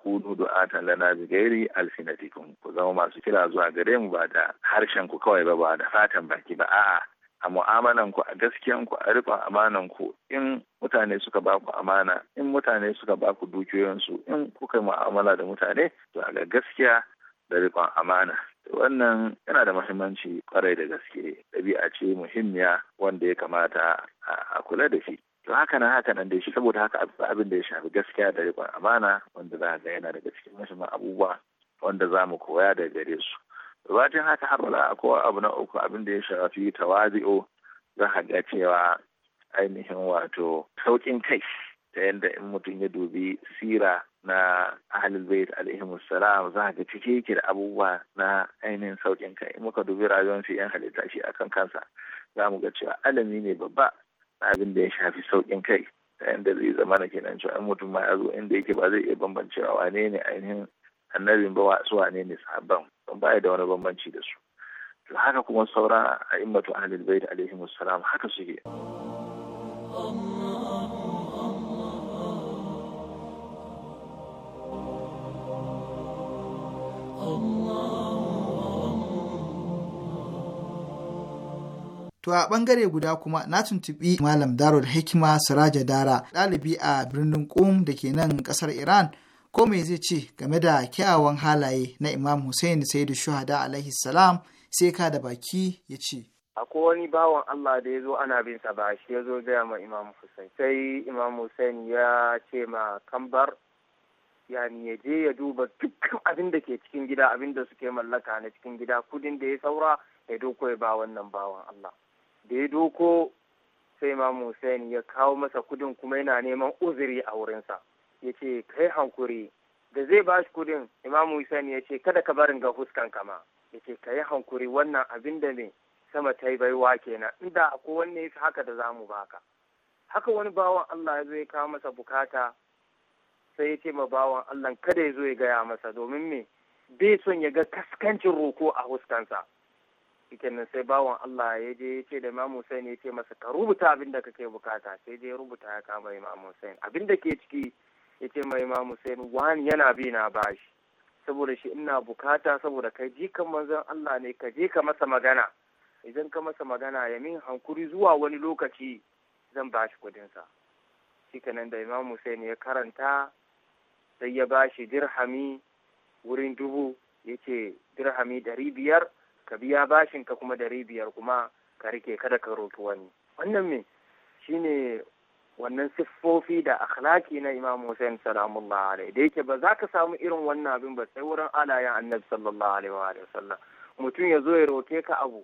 kudu du'atan lana bi gairi alfinatikum ku zama masu kira zuwa gare mu ba da harshen ku kawai ba ba da fatan baki ba a'a a mu'amalan ku a gaskiyan ku a riƙon amanan ku in mutane suka ba ku amana in mutane suka ba ku dukiyoyinsu in kuka mu'amala da mutane to a ga gaskiya da riƙon amana wannan yana da muhimmanci kwarai da gaske ɗabi'a ce muhimmiya wanda ya kamata a kula da shi to haka nan haka nan da shi saboda haka abin da ya shafi gaskiya da riƙon amana wanda za ga yana da gaske. muhimman abubuwa wanda za mu koya da gare su Batin haka a kowa abu na uku abin da ya shafi tawazi'o za a ga cewa ainihin wato sauƙin kai ta yadda in mutum ya dubi sira na ahalin bait alaihim salam za ga cike yake da abubuwa na ainihin sauƙin kai in muka dubi rayuwar shi yan halitta shi akan kansa za mu ga cewa alami ne babba na abin da ya shafi sauƙin kai ta yadda zai zama na kenan cewa mutum ma ya zo inda yake ba zai iya bambancewa wane ne ainihin annabin ba wasu wane ne sabon. ya da wani bambanci da su to haka kuma sauran a'immatu ahlul bait alaihim assalam haka suke To a ɓangare guda kuma na tuntuɓi Malam Darul Hikima Siraja Dara ɗalibi a birnin Qum da ke nan ƙasar Iran ko mai zai ce game da kyawawan halaye na imam hussein da shuhada alaihi salam sai ka da baki ya ce akwai wani bawan Allah da ya zo ana bin sa ba shi ya zo gaya ma Imam Hussein sai Imam Hussein ya ce ma kambar yani ya je ya duba dukkan abin da ke cikin gida abin da suke mallaka na cikin gida kudin da ya saura ya doko ya ba wannan bawan Allah da ya doko sai Imam Hussein ya kawo masa kudin kuma yana neman uzuri a wurinsa ya ce kai hankuri da zai ba shi kudin imamu Hussein ya ce kada ka barin ga huskan kama ya ce ka yi hankuri wannan abin da ne sama ta yi baiwa kenan inda akwai wanne ya haka da zamu baka haka wani bawan Allah ya zo ya kawo masa bukata sai ya ce ma bawan Allah kada ya zo ya gaya masa domin me bai son ya ga kaskancin roko a huskansa kenan sai bawan Allah ya je ya ce da Imam Hussein ya ce masa ka rubuta abin da kake bukata sai je rubuta ya kama Imam Hussein abin da ke ciki ya ce mai imam Hussein wani yana bi na bashi saboda shi ina bukata saboda kai kan manzon Allah ne ka je ka masa magana idan ka masa magana ya min hankuri zuwa wani lokaci zan bashi kudinsa shikenan da imam Hussein ya karanta sai ya bashi dirhami wurin dubu ya ce dirhami dari biyar ka biya bashin ka kuma dari biyar kuma ka rike kada ka roki wani wannan me shine wannan siffofi da akhlaki na Imam Hussein salamullah alaihi da yake ba za ka samu irin wannan abin ba sai wurin alayan Annabi sallallahu alaihi wa sallam mutum ya zo ya roke ka abu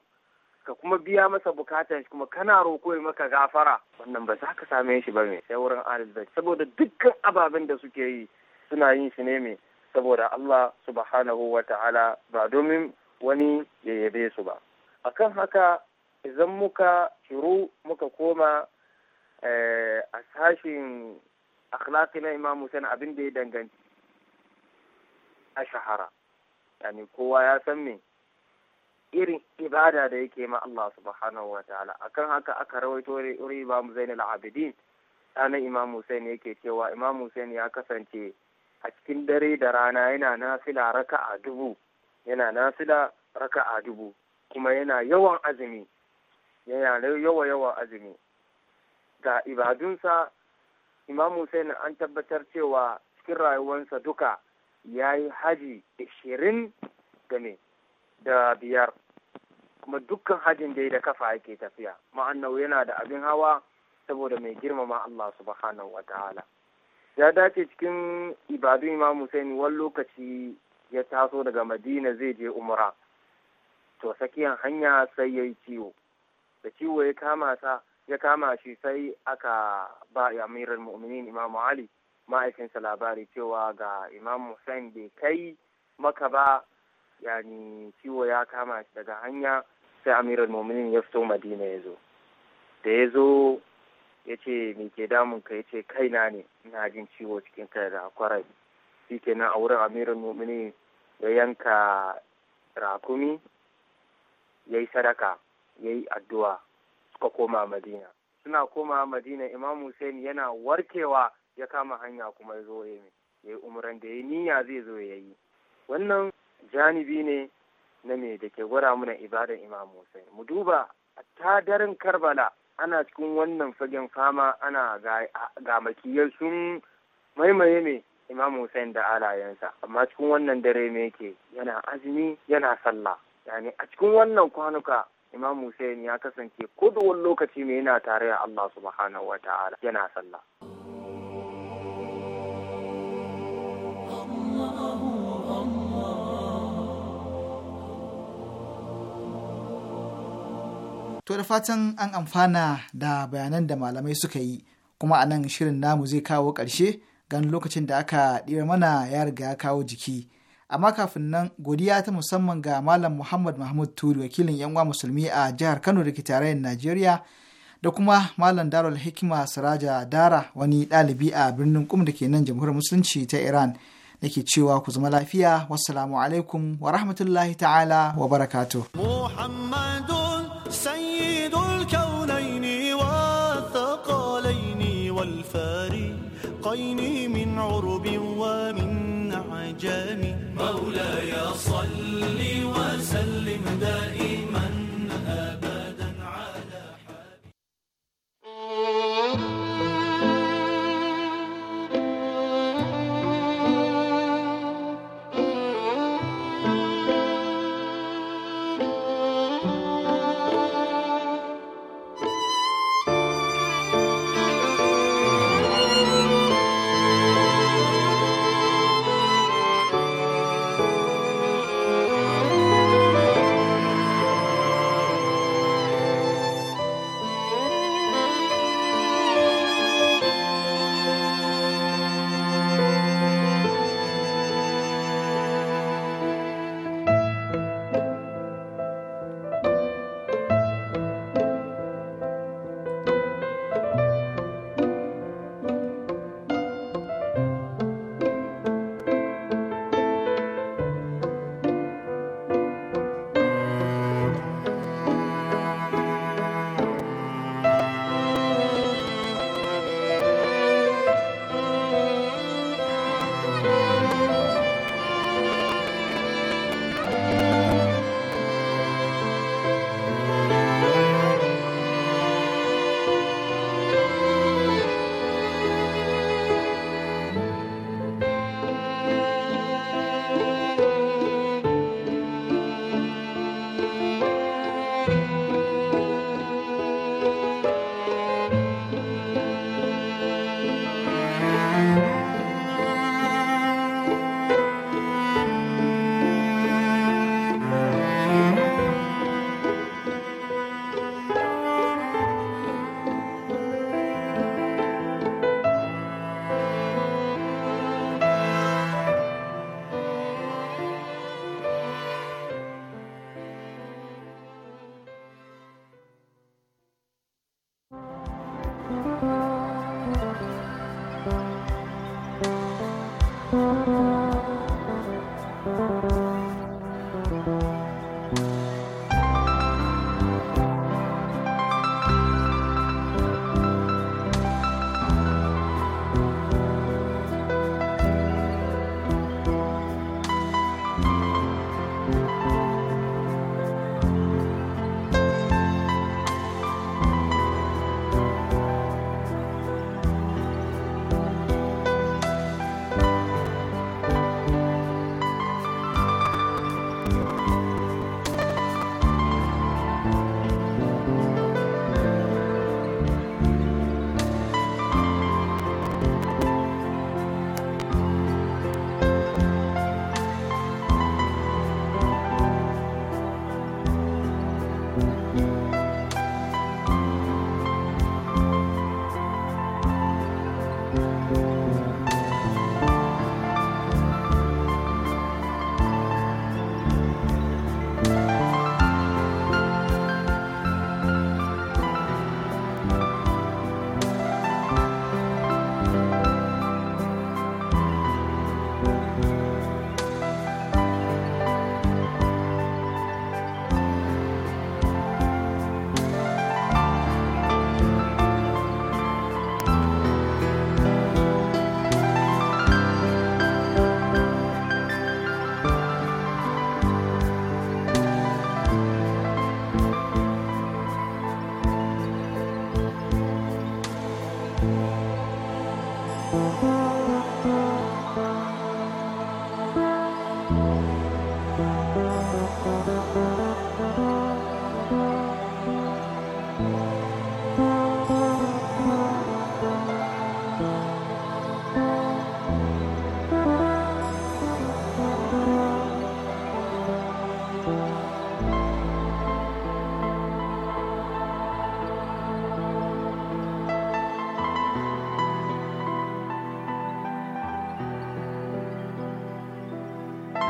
ka kuma biya masa bukatar shi kuma kana roko ya maka gafara wannan ba za ka same shi ba me sai wurin alayan saboda dukkan ababen da suke yi suna yin shi ne me saboda Allah subhanahu wa ta'ala ba domin wani ya yabe su ba akan haka idan muka shiru muka koma Eh, a sashin akhlaki na imam Hussein abin da ya danganci a shahara yani kowa ya san me irin ibada da yake ma Allah subhanahu wa ta'ala akan haka aka rawaito ne imam Zainul Abidin ɗanin imam Hussein yake cewa imam Hussein ya kasance a cikin dare da rana yana nafila raka'a dubu yana nafila raka'a dubu kuma yana yawan azumi yana yawa yawa azumi da ibadunsa imam na an tabbatar cewa cikin rayuwarsa duka ya yi haji ashirin game da biyar kuma dukkan hajin da ya da kafa yake tafiya ma'annau yana da abin hawa saboda mai girmama Allah subhanahu wa ta'ala ya dace cikin ibadun imam Hussein wani lokaci ya taso daga madina zai je umra to tsakiyan hanya sai ya yi ciwo da ciwo ya kama sa ya kama shi sai aka ba amirul mu'minin imamu ali ma'aikinsa labari cewa ga imam hussein bai kai maka ba yani ciwo ya kama shi daga hanya sai amirar mu'minin ya fito madina ya zo da ya zo ya ce me ke damun ka ya ce kaina ne ina jin ciwo cikin kai da kwarai shi kenan a wurin amirul mu'minin ya yanka rakumi ya yi sadaka ya yi addu'a suka koma madina suna koma madina imam hussein yana warkewa ya kama hanya kuma ya zo ya yi umran da ya niyya zai zo ya yi wannan janibi ne na me da ke gwada mana ibadar imam hussein mu duba ta daren karbala ana cikin wannan fagen fama ana ga makiyar sun maimaye ne imam hussein da alayensa amma cikin wannan dare me yake yana azumi yana sallah yani a cikin wannan kwanuka imam Hussein ya kasance kuduwan lokaci ne yana tare da Allah subhanahu wa ta'ala yana sallah To da fatan an amfana da bayanan da malamai suka yi kuma anan shirin namu zai kawo ƙarshe gan lokacin da aka ɗira mana ya riga ya kawo jiki. amma kafin nan godiya ta musamman ga malam muhammad mahmud turi wakilin yan musulmi a jihar kano da ke tarayyar najeriya da kuma malam darul hikima siraja dara wani ɗalibi a birnin kum da ke nan jamhuriyar musulunci ta iran da ke cewa ku zama lafiya wassalamu alaikum wa rahmatullahi ta'ala wa barakatuh مولاي صل وسلم دائما أبدا